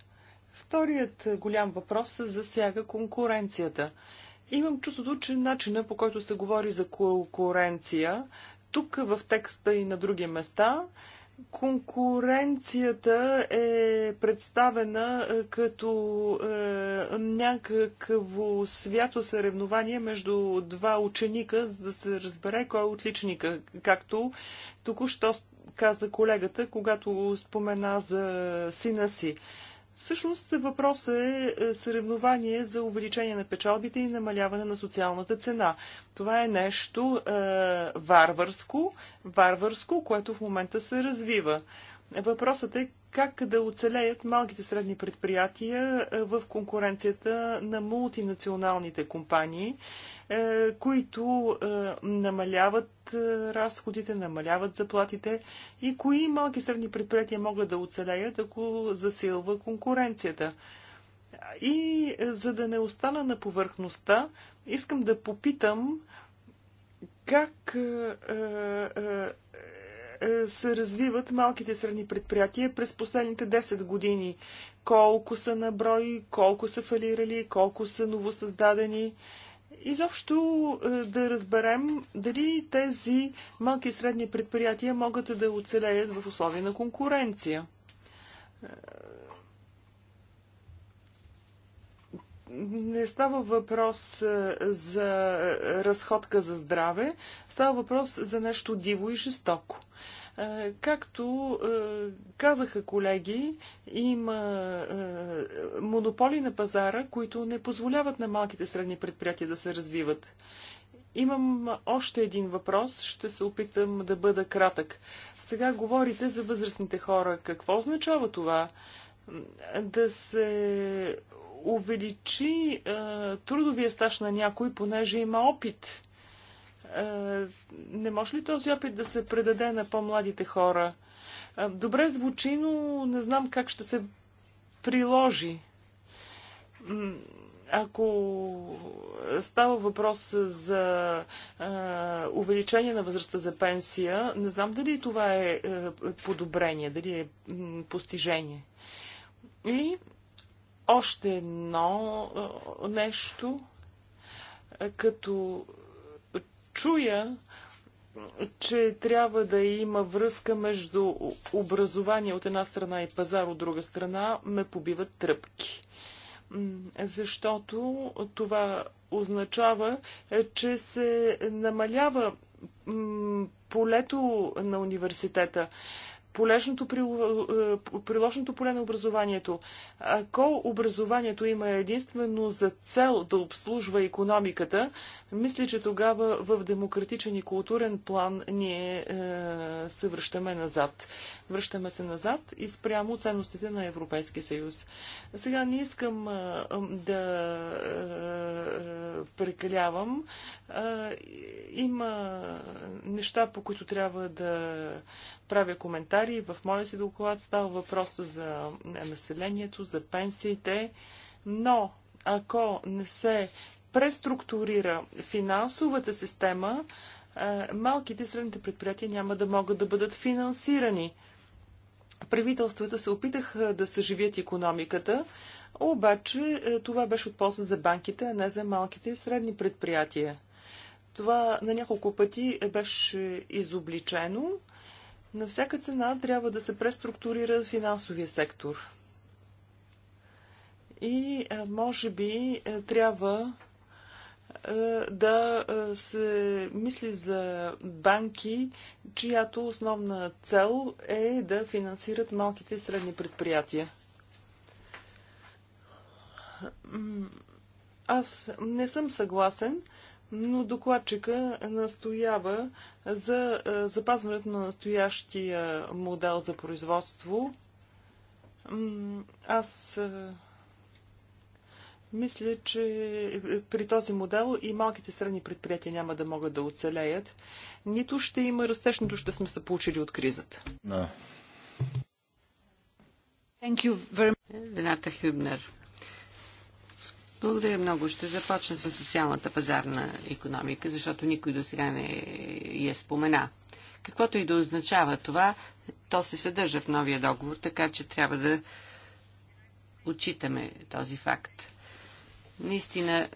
Вторият голям въпрос засяга конкуренцията. Имам чувството, че начина по който се говори за конкуренция, тук в текста и на други места, конкуренцията е представена е, като е, някакво свято съревнование между два ученика, за да се разбере кой е отличника, както току-що каза колегата, когато спомена за сина си. Всъщност въпросът е, е съревнование за увеличение на печалбите и намаляване на социалната цена. Това е нещо е, варварско, варварско, което в момента се развива. Въпросът е как да оцелеят малките средни предприятия е, в конкуренцията на мултинационалните компании, е, които е, намаляват разходите, намаляват заплатите и кои малки средни предприятия могат да оцелеят, ако засилва конкуренцията. И за да не остана на повърхността, искам да попитам как е, се развиват малките средни предприятия през последните 10 години? Колко са на брой, колко са фалирали, колко са новосъздадени? Изобщо е, да разберем дали тези малки и средни предприятия могат да оцелеят в условия на конкуренция. Е, не става въпрос е, за разходка за здраве, става въпрос за нещо диво и жестоко. Е, както е, казаха колеги, има монополи на пазара, които не позволяват на малките средни предприятия да се развиват. Имам още един въпрос. Ще се опитам да бъда кратък. Сега говорите за възрастните хора. Какво означава това? Да се увеличи е, трудовия стаж на някой, понеже има опит. Е, не може ли този опит да се предаде на по-младите хора? Е, добре звучи, но не знам как ще се приложи. Ако става въпрос за е, увеличение на възрастта за пенсия, не знам дали това е, е подобрение, дали е постижение. И още едно е, нещо, е, като чуя, че трябва да има връзка между образование от една страна и пазар от друга страна, ме побиват тръпки. Защото това означава, е, че се намалява полето на университета полешното, е, е, приложното поле на образованието. Ако образованието има единствено за цел да обслужва економиката, мисля, че тогава в демократичен и културен план ние е, се връщаме назад. Връщаме се назад и спрямо ценностите на Европейския съюз. Сега не искам е, да е, прекалявам. Е, има неща, по които трябва да правя коментари. В моя си доклад става въпроса за населението, за пенсиите, но ако не се преструктурира финансовата система, е, малките и средните предприятия няма да могат да бъдат финансирани. Правителствата се опитаха да съживят економиката, обаче е, това беше от полза за банките, а не за малките и средни предприятия. Това на няколко пъти беше изобличено. На всяка цена трябва да се преструктурира финансовия сектор. И е, може би трябва е, да е, се мисли за банки, чиято основна цел е да финансират малките и средни предприятия. Аз не съм съгласен, но докладчика настоява за е, запазването на настоящия модел за производство. Аз мисля, че при този модел и малките средни предприятия няма да могат да оцелеят. Нито ще има растеж, нито ще сме се получили от кризата. No. Рената Хюбнер. Благодаря много. Ще започна с социалната пазарна економика, защото никой до сега не я спомена. Каквото и да означава това, то се съдържа в новия договор, така че трябва да отчитаме този факт. Наистина,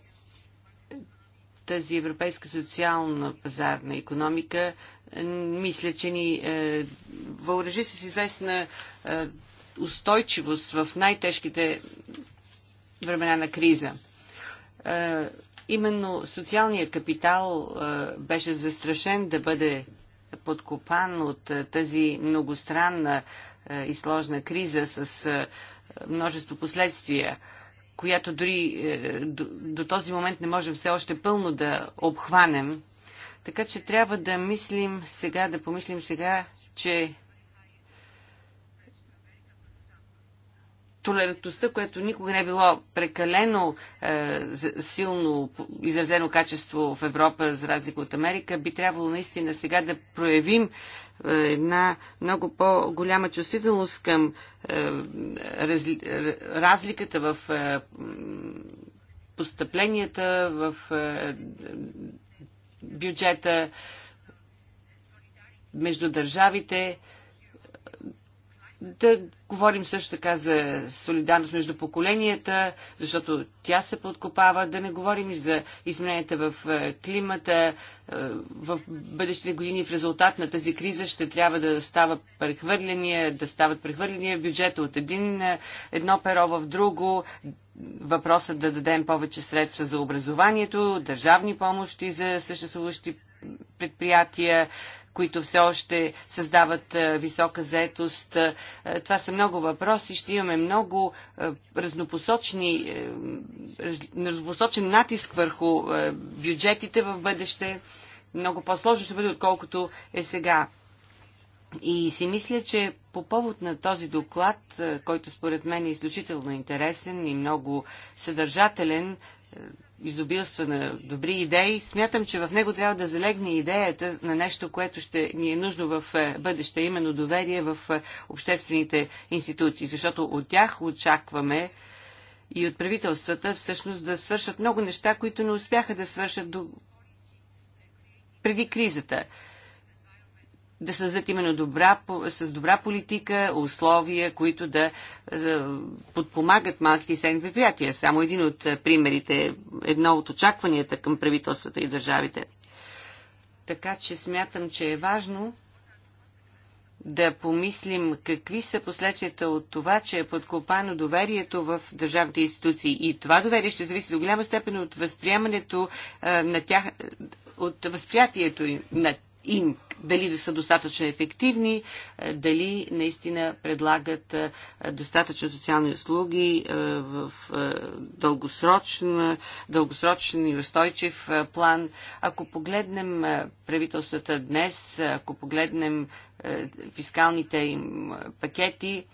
тази европейска социална пазарна економика, е, мисля, че ни е, въоръжи с известна е, устойчивост в най-тежките времена на криза. Е, именно социалният капитал е, беше застрашен да бъде подкопан от е, тази многостранна е, и сложна криза с е, множество последствия. Е, която дори е, до, до този момент не можем все още пълно да обхванем. Така че трябва да мислим сега, да помислим сега, че толерантността, което никога не е било прекалено е, силно изразено качество в Европа, за разлика от Америка, би трябвало наистина сега да проявим е, една много по-голяма чувствителност към е, раз, разликата в е, постъпленията, в е, бюджета между държавите. Е, да говорим също така за солидарност между поколенията, защото тя се подкопава. Да не говорим и за измененията в е, климата. Е, в бъдещите години в резултат на тази криза ще трябва да става прехвърляния, да стават прехвърляния бюджета от един, е, едно перо в друго. Въпросът да дадем повече средства за образованието, държавни помощи за съществуващи предприятия, които все още създават висока заетост. Това са много въпроси. Ще имаме много разнопосочни, е, разнопосочен натиск върху е, бюджетите в бъдеще. Много по-сложно ще бъде, отколкото е сега. И си мисля, че по повод на този доклад, който според мен е изключително интересен и много съдържателен, е, изобилства на добри идеи, смятам, че в него трябва да залегне идеята на нещо, което ще ни е нужно в е, бъдеще, именно доверие в е, обществените институции, защото от тях очакваме и от правителствата всъщност да свършат много неща, които не успяха да свършат до... преди кризата да създадат именно добра, с добра политика условия, които да подпомагат малките и средни предприятия. Само един от е, примерите, едно от очакванията към правителствата и държавите. Така че смятам, че е важно да помислим какви са последствията от това, че е подкопано доверието в държавните институции. И това доверие ще зависи до голяма степен от възприемането е, на тях, е, от възприятието им на им, дали са достатъчно ефективни, е, дали наистина предлагат е, достатъчно социални услуги е, в дългосрочен, дългосрочен и устойчив план. Ако погледнем правителствата днес, ако погледнем фискалните им пакети,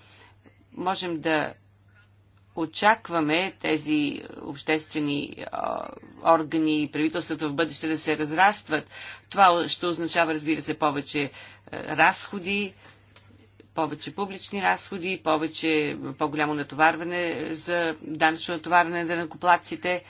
можем да очакваме тези обществени органи и правителствата в бъдеще да се разрастват. Това ще означава, разбира се, повече е, разходи, повече публични разходи, повече, по-голямо натоварване за данъчно натоварване на накоплаците.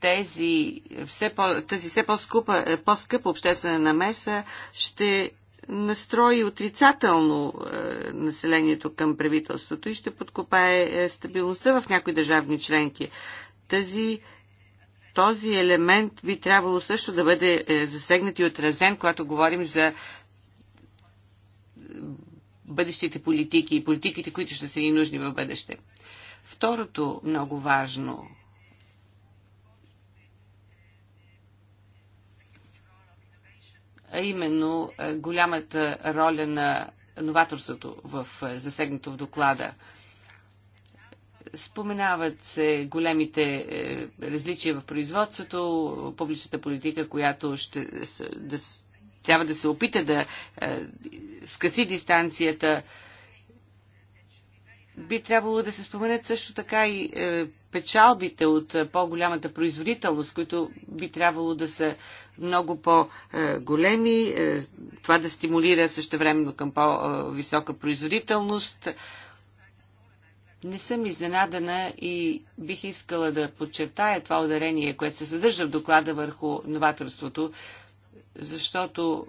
Тези все по, тази все по-скъпа, по-скъпа обществена намеса ще настрои отрицателно е, населението към правителството и ще подкопае е, стабилността в някои държавни членки. Тази този елемент би трябвало също да бъде е, засегнат и отразен, когато говорим за бъдещите политики и политиките, които ще са ни нужни в бъдеще. Второто много важно а именно е, голямата роля на новаторството в е, засегнато в доклада. Споменават се големите е, различия в производството, публичната политика, която ще, да, трябва да се опита да скъси дистанцията би трябвало да се споменят също така и е, печалбите от е, по-голямата производителност, които би трябвало да са много по-големи, е, това да стимулира също времено към по-висока производителност. Не съм изненадана и бих искала да подчертая това ударение, което се съдържа в доклада върху новаторството, защото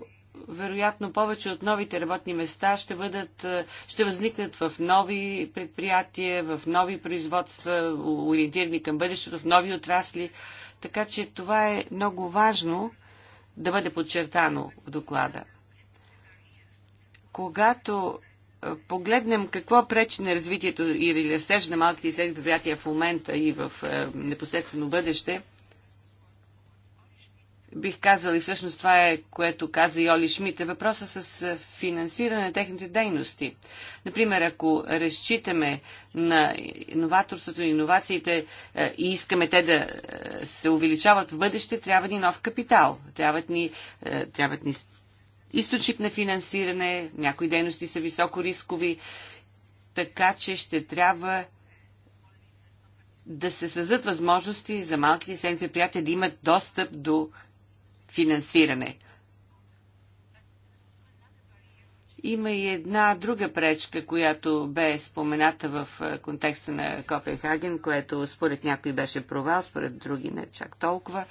вероятно повече от новите работни места ще, бъдат, е, ще възникнат в нови предприятия, в нови производства, ориентирани към бъдещето, в нови отрасли. Така че това е много важно да бъде подчертано в доклада. Когато е, погледнем какво пречи на развитието и растежа на малките и средни предприятия в момента и в е, непосредствено бъдеще, бих казал и всъщност това е, което каза Йоли Шмидт, е въпроса с финансиране на техните дейности. Например, ако разчитаме на иноваторството и иновациите и искаме те да се увеличават в бъдеще, трябва ни нов капитал. Трябват ни, трябват ни източник на финансиране, някои дейности са високо рискови, така че ще трябва да се създадат възможности за малки и средни предприятия да имат достъп до финансиране. Има и една друга пречка, която бе спомената в е, контекста на Копенхаген, което според някои беше провал, според други не чак толкова.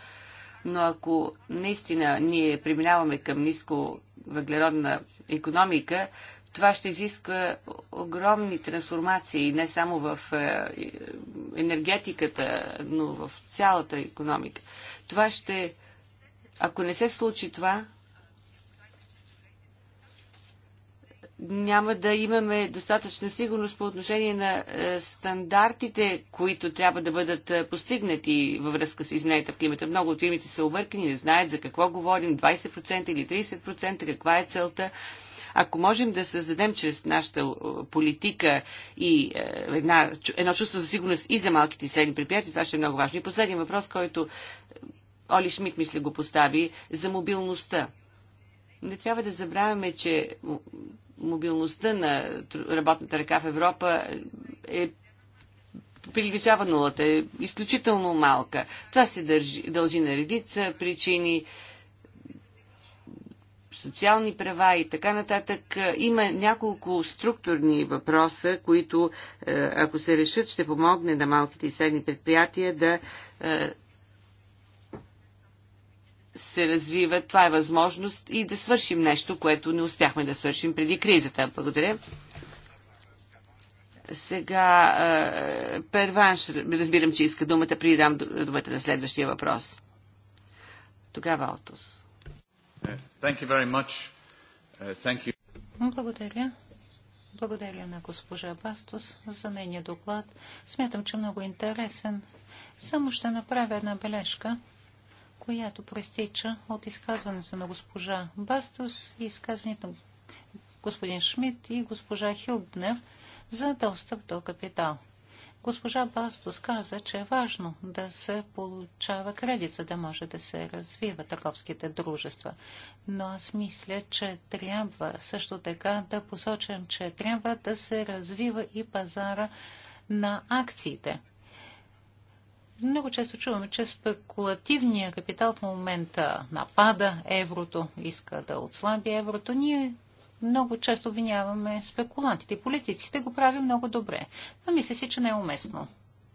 Но ако наистина ние преминаваме към ниско въглеродна економика, това ще изисква огромни трансформации не само в е, е, енергетиката, но в цялата економика. Това ще ако не се случи това, няма да имаме достатъчна сигурност по отношение на е, стандартите, които трябва да бъдат е, постигнати във връзка с измененията в климата. Много от фирмите са объркани, не знаят за какво говорим, 20% или 30%, каква е целта. Ако можем да създадем чрез нашата е, политика и една, едно чувство за сигурност и за малките и средни предприятия, това ще е много важно. И последния въпрос, който Оли Шмидт, мисля, го постави, за мобилността. Не трябва да забравяме, че мобилността на работната ръка в Европа е приближава нулата, е изключително малка. Това се държи, дължи на редица причини, социални права и така нататък. Има няколко структурни въпроса, които, е, ако се решат, ще помогне на малките и средни предприятия да е, се развива, това е възможност и да свършим нещо, което не успяхме да свършим преди кризата. Благодаря. Сега перванш, разбирам, че иска думата, преди дам думата на следващия въпрос. Тогава Алтос. Uh, Благодаря. Благодаря на госпожа Бастос за нейния доклад. Смятам, че е много интересен. Само ще направя една бележка която проистича от изказването на госпожа Бастус и изказването на господин Шмидт и госпожа Хюбнер за достъп до капитал. Госпожа Бастус каза, че е важно да се получава кредит, за да може да се развива търговските дружества. Но аз мисля, че трябва също така да посочим, че трябва да се развива и пазара на акциите. Много често чуваме, че спекулативния капитал в момента напада еврото, иска да отслаби еврото. Ние много често обвиняваме спекулантите и политиците го прави много добре. Но мисля си, че не е уместно.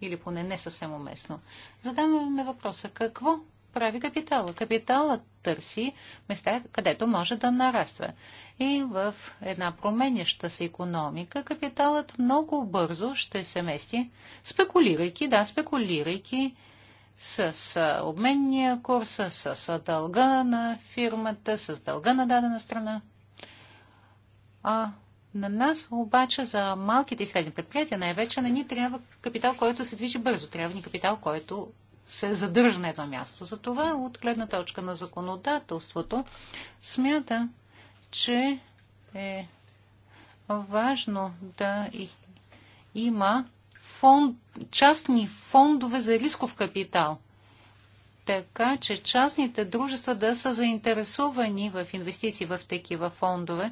Или поне не съвсем уместно. Задаваме въпроса, какво прави капитала. Капиталът търси места, където може да нараства. И в една променяща се економика капиталът много бързо ще се мести, спекулирайки, да, спекулирайки с обменния курс, с дълга на фирмата, с дълга на дадена страна. А на нас обаче за малките и средни предприятия най-вече не ни трябва капитал, който се движи бързо. Трябва ни капитал, който се задържа на едно място. Затова от гледна точка на законодателството смята, че е важно да има фонд, частни фондове за рисков капитал. Така че частните дружества да са заинтересовани в инвестиции в такива фондове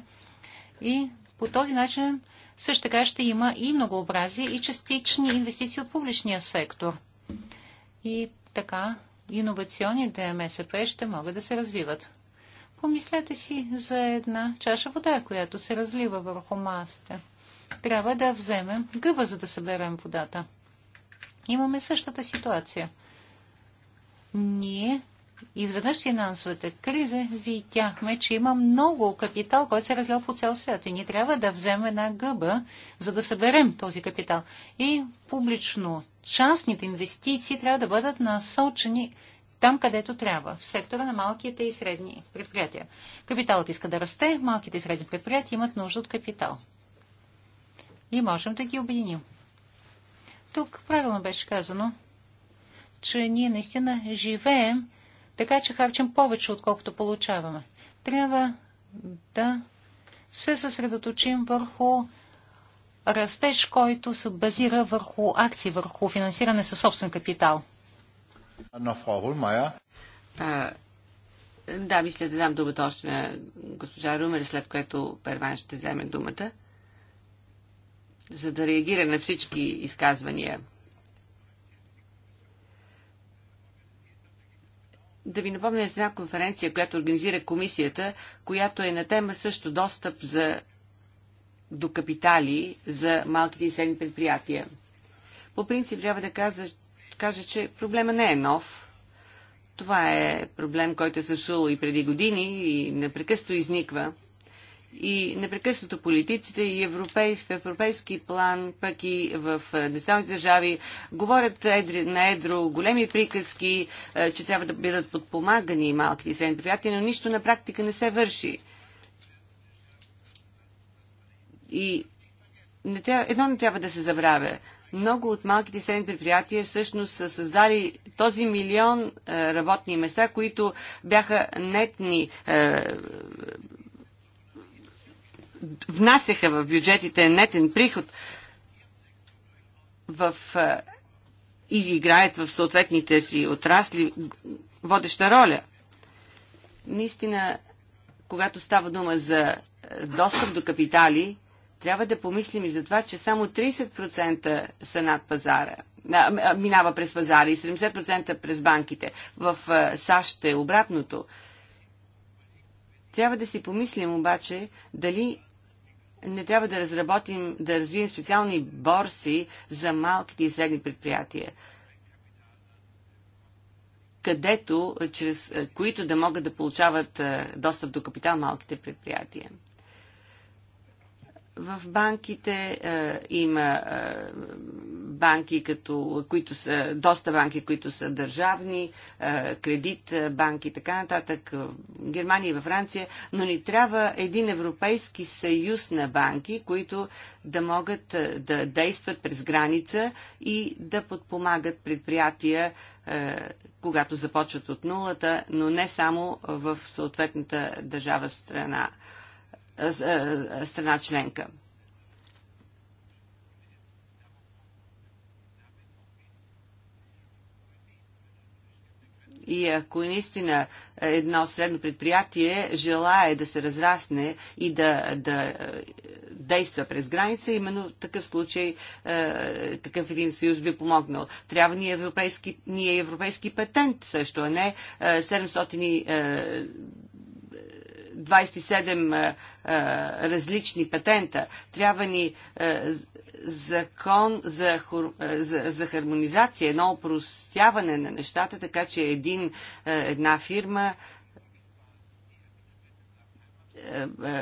и по този начин също така ще има и многообразие и частични инвестиции от публичния сектор и така иновационните МСП ще могат да се развиват. Помислете си за една чаша вода, която се разлива върху масата. Трябва да вземем гъба, за да съберем водата. Имаме същата ситуация. Ние изведнъж финансовата криза видяхме, че има много капитал, който се е разлял по цял свят. И ние трябва да вземем една гъба, за да съберем този капитал. И публично частните инвестиции трябва да бъдат насочени там, където трябва, в сектора на малките и средни предприятия. Капиталът иска да расте, малките и средни предприятия имат нужда от капитал. И можем да ги обединим. Тук правилно беше казано, че ние наистина живеем така че харчим повече, отколкото получаваме. Трябва да се съсредоточим върху растеж, който се базира върху акции, върху финансиране със собствен капитал. да, мисля да дам думата още на госпожа Румер, след което Перван ще вземе думата, за да реагира на всички изказвания. да ви напомня за една конференция, която организира комисията, която е на тема също достъп за, до капитали за малките и средни предприятия. По принцип трябва да кажа, кажа, че проблема не е нов. Това е проблем, който е съществувал и преди години и непрекъсто изниква и непрекъснато политиците и европейски, в европейски план, пък и в националните държави говорят на едро големи приказки, че трябва да бъдат подпомагани малките и средни предприятия, но нищо на практика не се върши. И не трябва, едно не трябва да се забравя. Много от малките и средни предприятия всъщност са създали този милион работни места, които бяха нетни внасяха в бюджетите нетен приход в, играят в съответните си отрасли водеща роля. Наистина, когато става дума за достъп до капитали, трябва да помислим и за това, че само 30% са над пазара, ами, минава през пазара и 70% през банките. В САЩ е обратното. Трябва да си помислим обаче дали не трябва да разработим, да развием специални борси за малките и средни предприятия, където, чрез които да могат да получават достъп до капитал малките предприятия. В банките е, има е, банки, като, които са, доста банки, които са държавни, е, кредит, банки така нататък, в Германия и във Франция, но ни трябва един европейски съюз на банки, които да могат да действат през граница и да подпомагат предприятия, когато започват от нулата, но не само в съответната държава страна страна членка. И ако наистина едно средно предприятие желае да се разрасне и да, да действа през граница, именно такъв случай, такъв един съюз би помогнал. Трябва ни европейски, ни европейски патент също, а не 700 27 различни патента. Трябва ни закон за, за, за хармонизация, едно упростяване на нещата, така че един, една фирма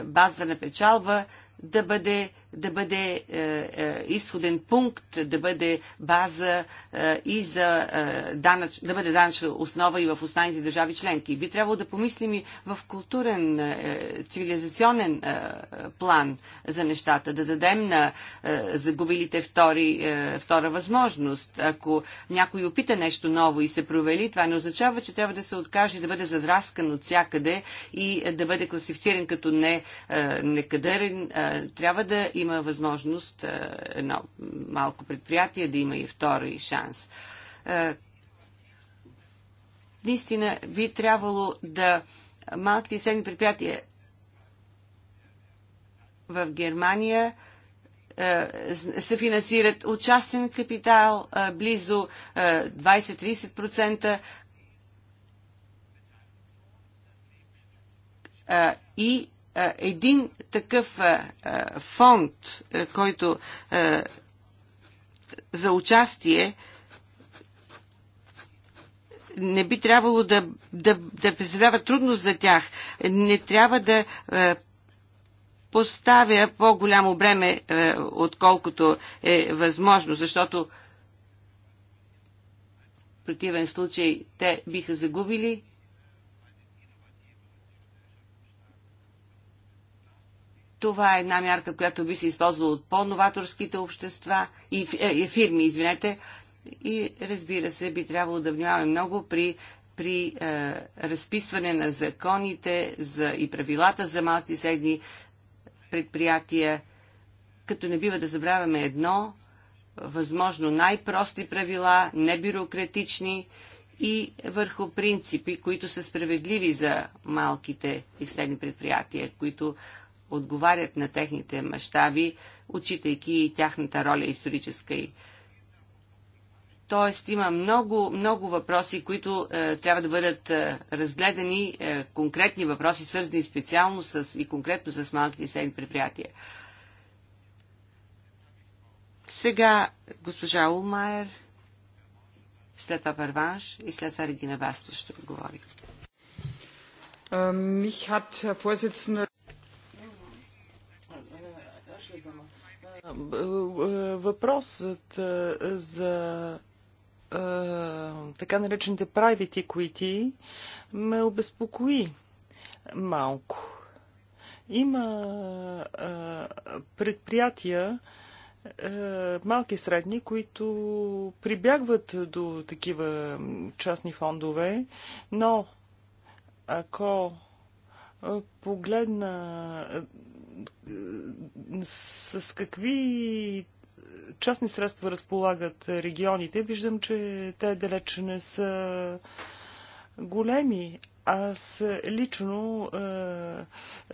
база на печалба да бъде да бъде е, е, изходен пункт, да бъде база е, и за е, данъч, да бъде данъчна основа и в останалите държави членки. Би трябвало да помислим и в културен, е, цивилизационен е, план за нещата, да дадем на загубилите втори, втора възможност. Ако някой опита нещо ново и се провели, това не означава, че трябва да се откаже, да бъде задраскан от всякъде и да бъде класифициран като не, некадърен. Трябва да има възможност едно малко предприятие да има и втори шанс. Наистина би трябвало да малките и средни предприятия в Германия се финансират от частен капитал близо 20-30% и един такъв фонд, който за участие не би трябвало да, да, да представлява трудност за тях. Не трябва да поставя по-голямо бреме, отколкото е възможно, защото в противен случай те биха загубили Това е една мярка, която би се използвала от по-новаторските общества и, е, фирми, извинете. И разбира се, би трябвало да внимаваме много при при е, разписване на законите за, и правилата за малки и средни предприятия, като не бива да забравяме едно, възможно най-прости правила, небюрократични и върху принципи, които са справедливи за малките и средни предприятия, които отговарят на техните мащаби, отчитайки и тяхната роля историческа и Тоест има много, много въпроси, които е, трябва да бъдат е, разгледани, е, конкретни въпроси, свързани специално с, и конкретно с малките и средни предприятия. Сега госпожа Улмайер, след това Първанш и след това Регина Басто ще отговори. Mich въпросът за така наречените private equity ме обезпокои малко. Има предприятия, малки и средни, които прибягват до такива частни фондове, но ако погледна с какви частни средства разполагат регионите, виждам, че те далеч не са големи. Аз лично е,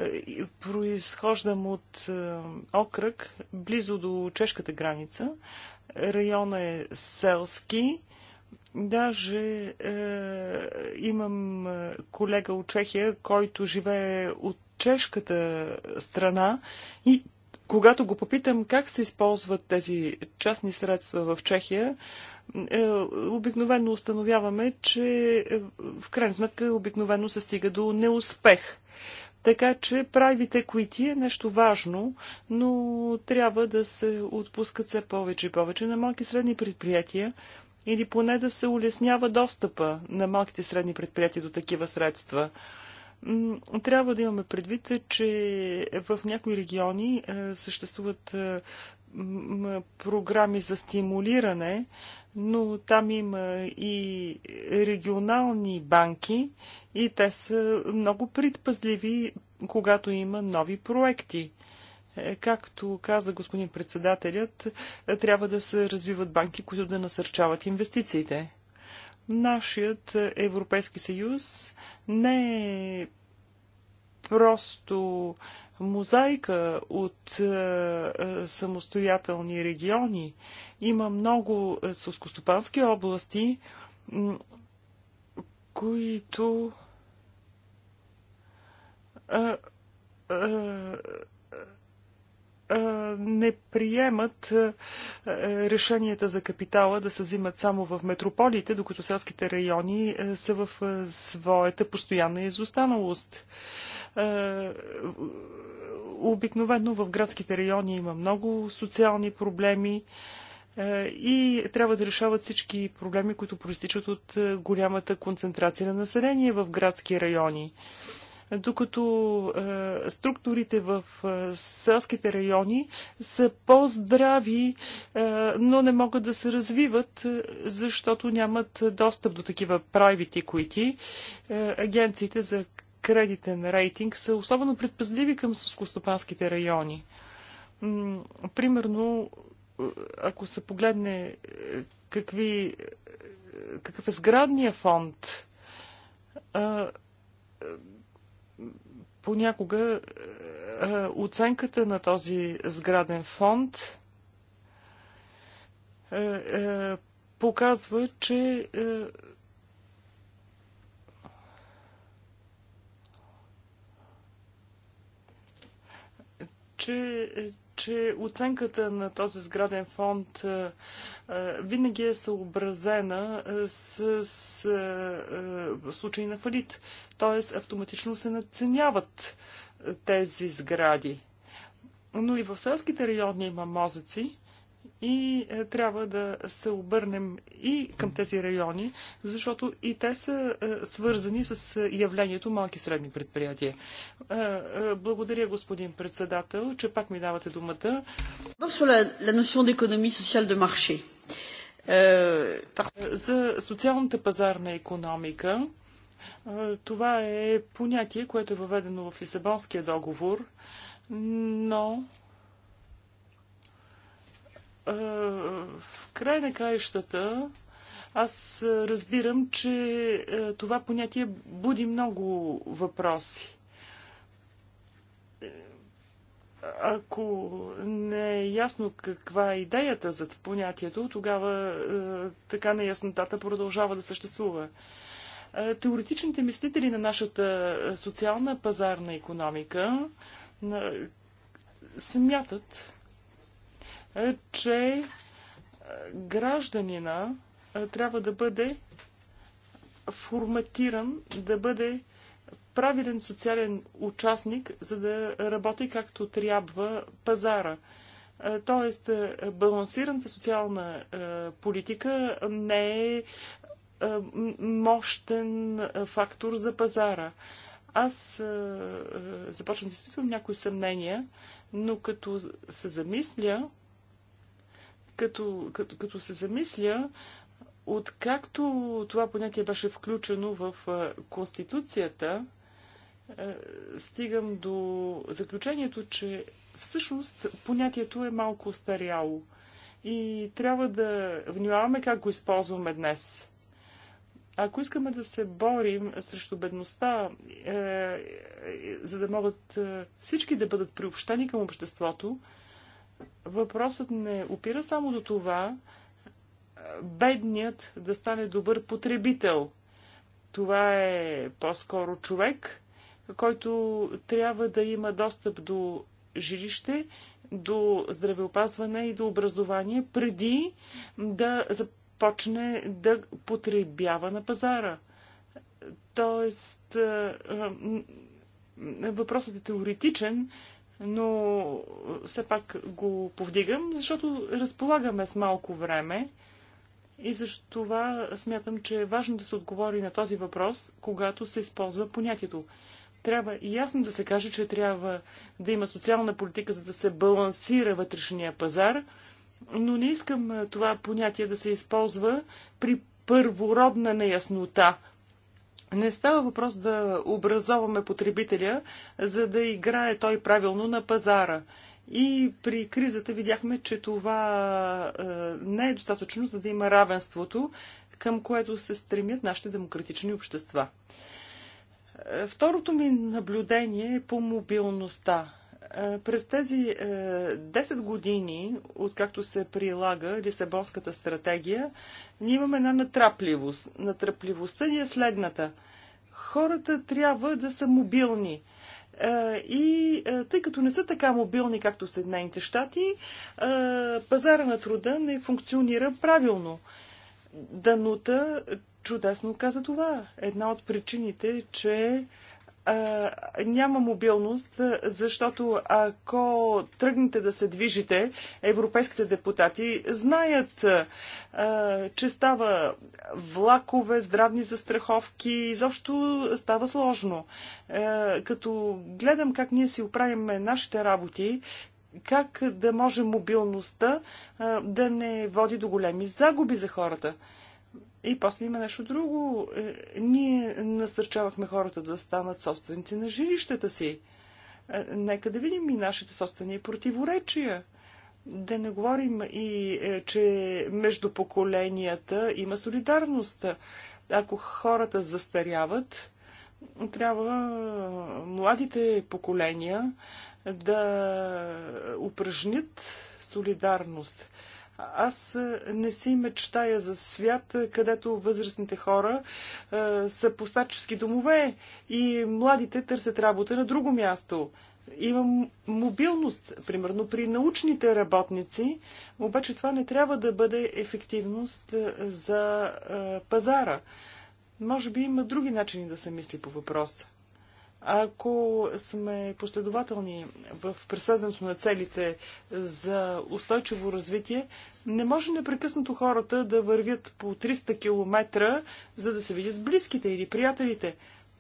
е, произхождам от е, окръг близо до чешката граница. Района е селски. Даже е, имам е, колега от Чехия, който живее от чешката страна и когато го попитам как се използват тези частни средства в Чехия, е, обикновено установяваме, че е, в крайна сметка обикновено се стига до неуспех. Така че правите коити е нещо важно, но трябва да се отпускат все повече и повече на малки и средни предприятия или поне да се улеснява достъпа на малките и средни предприятия до такива средства. Трябва да имаме предвид, че в някои региони е, съществуват е, програми за стимулиране, но там има и регионални банки и те са много предпазливи, когато има нови проекти. Е, както каза господин председателят, трябва да се развиват банки, които да насърчават инвестициите. Нашият Европейски съюз не е просто мозайка от е, е самостоятелни региони. Има много е, сълскостопански области, които е, е, не приемат решенията за капитала да се взимат само в метрополите, докато селските райони са в своята постоянна изостаналост. Обикновено в градските райони има много социални проблеми и трябва да решават всички проблеми, които проистичат от голямата концентрация на население в градски райони докато е, структурите в е, селските райони са по-здрави, е, но не могат да се развиват, защото нямат достъп до такива private equity. Агенциите за кредитен рейтинг са особено предпазливи към сълскостопанските райони. Примерно, ако се погледне какви, какъв е сградния фонд, понякога е, е, оценката на този сграден фонд е, показва, че че че оценката на този сграден фонд е, е, винаги е съобразена е, с, с случаи на фалит, т.е. автоматично се надценяват тези сгради. Но и в селските райони има мозъци, и е, трябва да се обърнем и към тези райони, защото и те са е, свързани с е, явлението малки средни предприятия. благодаря, господин председател, че пак ми давате думата. За социалната пазарна економика, това е понятие, което е въведено в Лисабонския договор, но в край на краищата аз разбирам, че това понятие буди много въпроси. Ако не е ясно каква е идеята за понятието, тогава е, така неяснотата продължава да съществува. Е, теоретичните мислители на нашата социална пазарна економика смятат, е, че е, гражданина е, трябва да бъде форматиран, да бъде правилен социален участник, за да работи както трябва пазара. Тоест, балансираната социална политика не е мощен фактор за пазара. Аз започвам да изпитвам някои съмнения, но като се замисля, като, като, като се замисля, откакто това понятие беше включено в Конституцията, стигам до заключението, че всъщност понятието е малко старяло и трябва да внимаваме как го използваме днес. Ако искаме да се борим срещу бедността, е, е, за да могат е, всички да бъдат приобщени към обществото, въпросът не опира само до това, бедният да стане добър потребител. Това е по-скоро човек, който трябва да има достъп до жилище, до здравеопазване и до образование, преди да започне да потребява на пазара. Тоест, въпросът е теоретичен, но все пак го повдигам, защото разполагаме с малко време и защо това смятам, че е важно да се отговори на този въпрос, когато се използва понятието. Трябва и ясно да се каже, че трябва да има социална политика, за да се балансира вътрешния пазар, но не искам това понятие да се използва при първородна неяснота не става въпрос да образоваме потребителя, за да играе той правилно на пазара. И при кризата видяхме, че това е, не е достатъчно, за да има равенството, към което се стремят нашите демократични общества. Е, второто ми наблюдение е по мобилността. Е, през тези 10 е, години, откакто се прилага Лисабонската стратегия, ние имаме една натрапливост. Натрапливостта ни е следната. Хората трябва да са мобилни. Е, и тъй като не са така мобилни, както Съединените щати, пазара на труда не функционира правилно. Данута чудесно каза това. Една от причините, че няма мобилност, защото ако тръгнете да се движите, европейските депутати знаят, че става влакове, здравни застраховки, изобщо става сложно. Като гледам как ние си оправим нашите работи, как да може мобилността да не води до големи загуби за хората. И после има нещо друго. Е, ние насърчавахме хората да станат собственици на жилищата си. Е, нека да видим и нашите собствени противоречия. Да не говорим и, е, че между поколенията има солидарност. Ако хората застаряват, трябва младите поколения да упражнят солидарност. Аз не си мечтая за свят, където възрастните хора а, са постачески домове и младите търсят работа на друго място. Имам мобилност, примерно при научните работници, обаче това не трябва да бъде ефективност за а, пазара. Може би има други начини да се мисли по въпроса. Ако сме последователни в преследването на целите за устойчиво развитие, не може непрекъснато хората да вървят по 300 км, за да се видят близките или приятелите.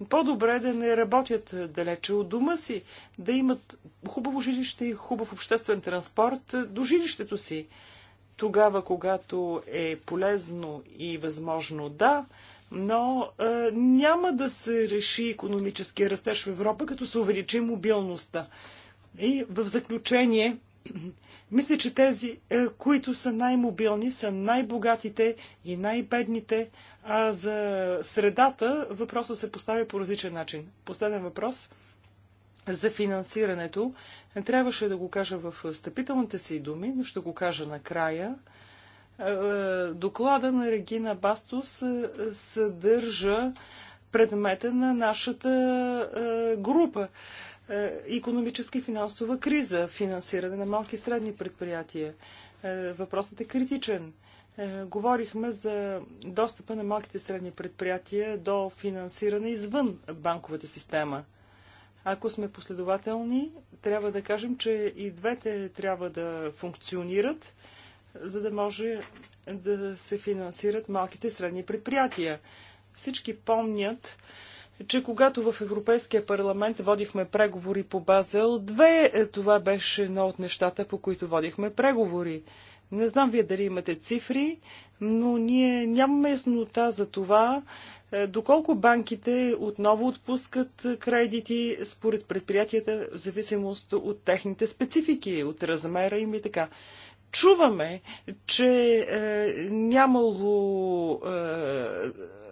По-добре е да не работят далече от дома си, да имат хубаво жилище и хубав обществен транспорт до жилището си. Тогава, когато е полезно и възможно, да, но е, няма да се реши економическия растеж в Европа, като се увеличи мобилността. И в заключение, мисля, че тези, е, които са най-мобилни, са най-богатите и най-бедните, а за средата въпросът се поставя по различен начин. Последен въпрос за финансирането. Трябваше да го кажа в стъпителните си думи, но ще го кажа накрая. Е, доклада на Регина Бастус е, съдържа предмета на нашата е, група. Економическа и финансова криза, финансиране на малки и средни предприятия. Въпросът е критичен. Говорихме за достъпа на малките и средни предприятия до финансиране извън банковата система. Ако сме последователни, трябва да кажем, че и двете трябва да функционират – за да може да се финансират малките и средни предприятия. Всички помнят, че когато в Европейския парламент водихме преговори по Базел 2, е, това беше едно от нещата, по които водихме преговори. Не знам вие дали имате цифри, но ние нямаме яснота за това, е, доколко банките отново отпускат кредити според предприятията в зависимост от техните специфики, от размера им и така чуваме, че е, нямало е,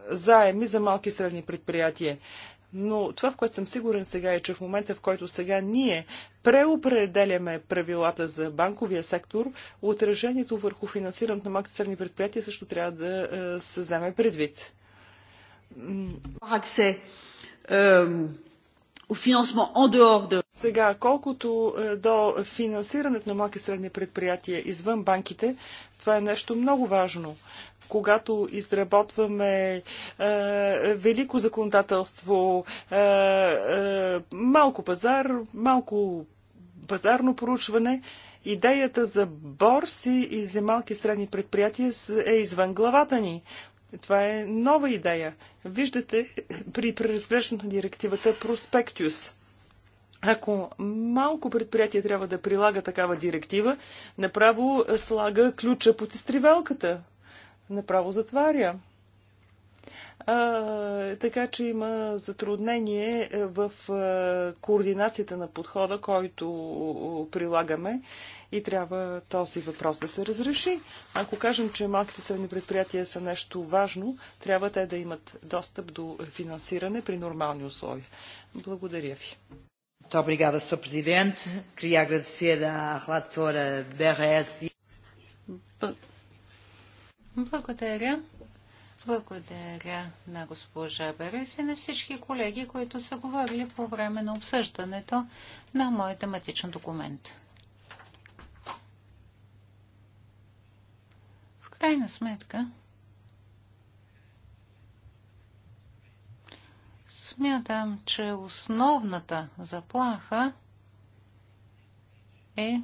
заеми за малки и средни предприятия. Но това, в което съм сигурен сега е, че в момента, в който сега ние преопределяме правилата за банковия сектор, отражението върху финансирането на малки и средни предприятия също трябва да е, се вземе предвид. Аксе, сега, колкото е, до финансирането на малки и средни предприятия извън банките, това е нещо много важно когато изработваме е, велико законодателство, е, е, малко пазар, малко пазарно проучване, идеята за борси и за малки и средни предприятия е извън главата ни. Това е нова идея. Виждате при преразглеждането на директивата Проспектиус. Ако малко предприятие трябва да прилага такава директива, направо слага ключа под изтривалката. Направо затваря така че има затруднение е, в координацията на подхода, който прилагаме и трябва този въпрос да се разреши. Ако кажем, че малките средни предприятия са нещо важно, трябва те да имат достъп до финансиране при нормални условия. Благодаря ви. E Благодаря. Благодаря на госпожа Берес и на всички колеги, които са говорили по време на обсъждането на моят тематичен документ. В крайна сметка, смятам, че основната заплаха е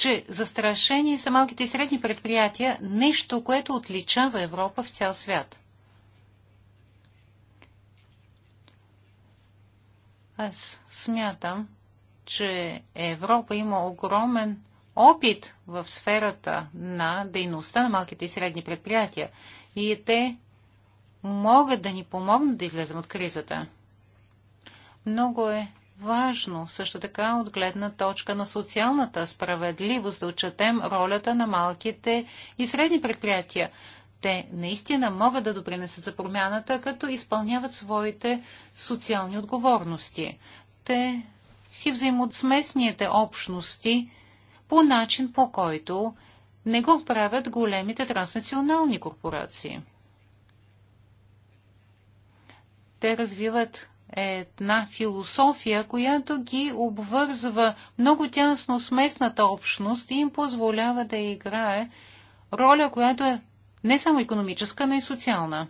че застрашени са малките и средни предприятия, нещо, което отличава Европа в цял свят. Аз смятам, че Европа има огромен опит в сферата на дейността на малките и средни предприятия и те могат да ни помогнат да излезем от кризата. Много е важно също така от гледна точка на социалната справедливост да отчетем ролята на малките и средни предприятия. Те наистина могат да допринесат за промяната, като изпълняват своите социални отговорности. Те си взаимат сместните общности по начин, по който не го правят големите транснационални корпорации. Те развиват е една философия, която ги обвързва много тясно с местната общност и им позволява да играе роля, която е не само економическа, но и социална.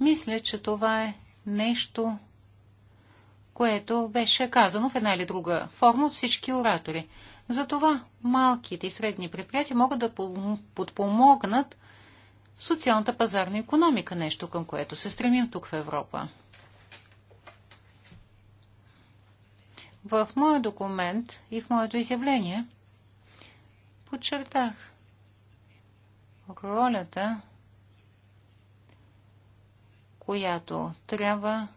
Мисля, че това е нещо, което беше казано в една или друга форма от всички оратори. Затова малките и средни предприятия могат да подпомогнат социалната пазарна економика, нещо към което се стремим тук в Европа. В моя документ и в моето изявление подчертах ролята, която трябва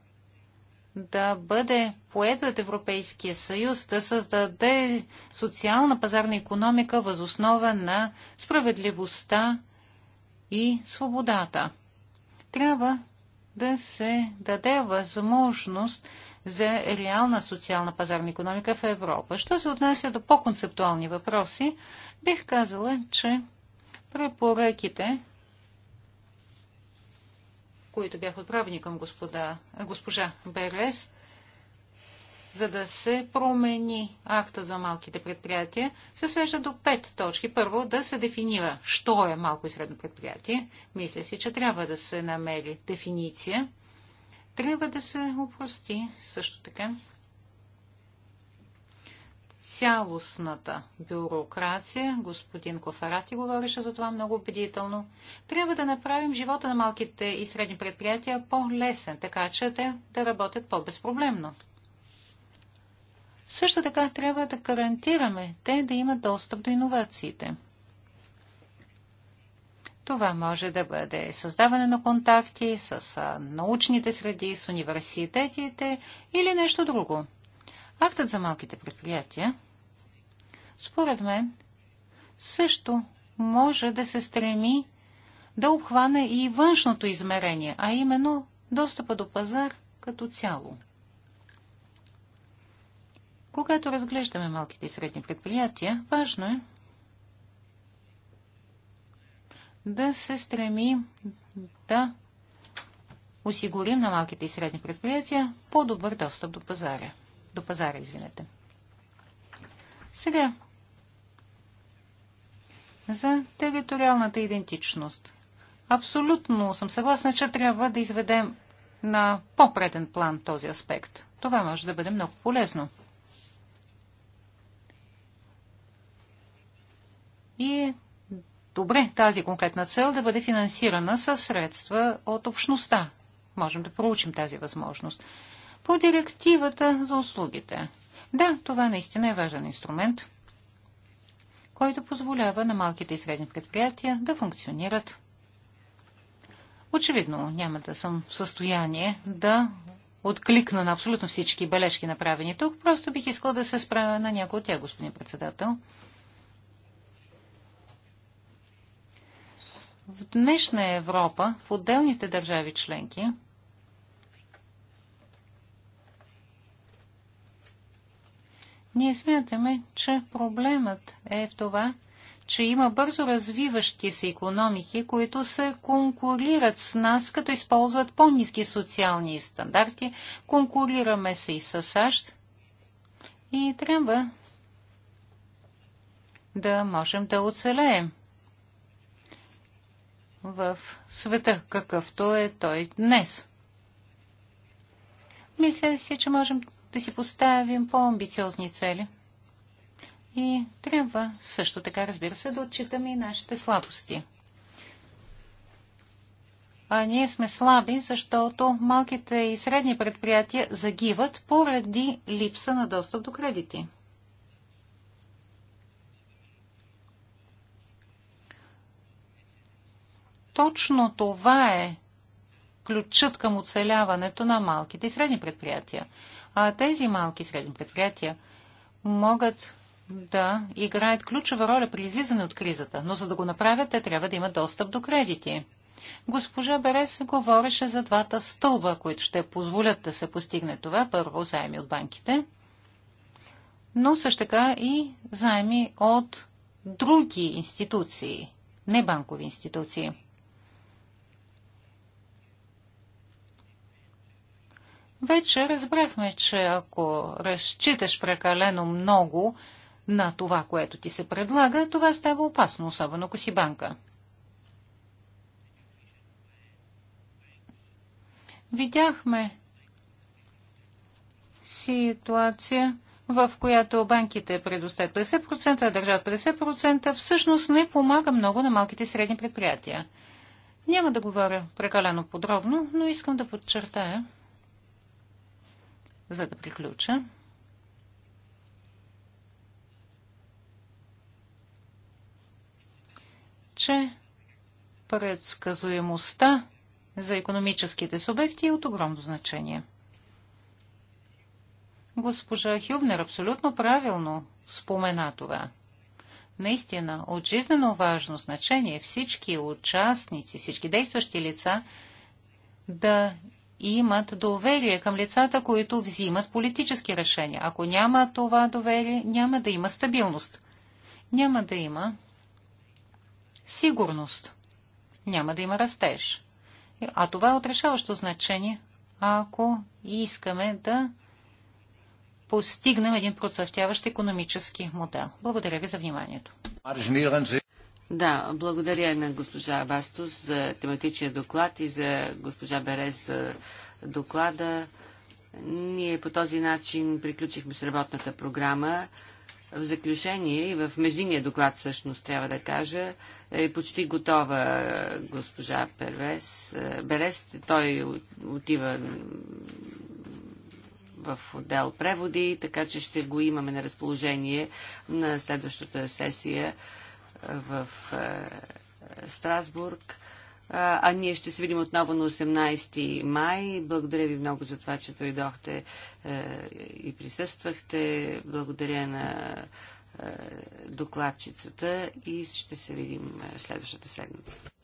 да бъде поет от Европейския съюз, да създаде социална пазарна економика възоснова на справедливостта и свободата. Трябва да се даде възможност за реална социална пазарна економика в Европа. Що се отнася до по-концептуални въпроси, бих казала, че препоръките, които бяха отправени към господа, госпожа Берес, за да се промени акта за малките предприятия, се свежда до пет точки. Първо, да се дефинира, що е малко и средно предприятие. Мисля си, че трябва да се намери дефиниция. Трябва да се упрости също така цялостната бюрокрация, господин Кофарати говореше за това много убедително, трябва да направим живота на малките и средни предприятия по-лесен, така че те да работят по-безпроблемно. Също така трябва да гарантираме те да имат достъп до иновациите. Това може да бъде създаване на контакти с научните среди, с университетите или нещо друго. Актът за малките предприятия, според мен, също може да се стреми да обхване и външното измерение, а именно достъпа до пазар като цяло. Когато разглеждаме малките и средни предприятия, важно е да се стремим да осигурим на малките и средни предприятия по-добър достъп до пазара. До пазара, извинете. Сега, за териториалната идентичност. Абсолютно съм съгласна, че трябва да изведем на по-преден план този аспект. Това може да бъде много полезно. И е добре тази конкретна цел да бъде финансирана със средства от общността. Можем да проучим тази възможност. По директивата за услугите. Да, това наистина е важен инструмент, който позволява на малките и средни предприятия да функционират. Очевидно няма да съм в състояние да откликна на абсолютно всички бележки, направени тук. Просто бих искал да се справя на някои от тях, господин председател. В днешна Европа, в отделните държави членки, ние смятаме, че проблемът е в това, че има бързо развиващи се економики, които се конкурират с нас, като използват по-низки социални стандарти. Конкурираме се и с САЩ. И трябва да можем да оцелеем в света, какъвто е той днес. Мисля си, че можем да си поставим по-амбициозни цели. И трябва също така, разбира се, да отчитаме и нашите слабости. А ние сме слаби, защото малките и средни предприятия загиват поради липса на достъп до кредити. Точно това е ключът към оцеляването на малките и средни предприятия. А тези малки и средни предприятия могат да играят ключова роля при излизане от кризата, но за да го направят, те трябва да имат достъп до кредити. Госпожа Берес говореше за двата стълба, които ще позволят да се постигне това. Първо, заеми от банките, но също така и заеми от други институции, не банкови институции. Вече разбрахме, че ако разчиташ прекалено много на това, което ти се предлага, това става опасно, особено ако си банка. Видяхме ситуация, в която банките предоставят 50%, а държат 50%, всъщност не помага много на малките и средни предприятия. Няма да говоря прекалено подробно, но искам да подчертая, за да приключа. че предсказуемостта за економическите субекти е от огромно значение. Госпожа Хюбнер абсолютно правилно спомена това. Наистина, от жизнено важно значение е всички участници, всички действащи лица да имат доверие към лицата, които взимат политически решения. Ако няма това доверие, няма да има стабилност. Няма да има сигурност. Няма да има растеж. А това е отрешаващо значение, ако искаме да постигнем един процъфтяващ економически модел. Благодаря ви за вниманието. Да, благодаря на госпожа Бастус за тематичния доклад и за госпожа Берез за доклада. Ние по този начин приключихме с работната програма. В заключение и в междинния доклад всъщност трябва да кажа, е почти готова е, госпожа Первес. Е, Берес, той отива в отдел преводи, така че ще го имаме на разположение на следващата сесия в е, Страсбург. А ние ще се видим отново на 18 май. Благодаря ви много за това, че дойдохте е, и присъствахте. Благодаря на е, докладчицата и ще се видим следващата седмица.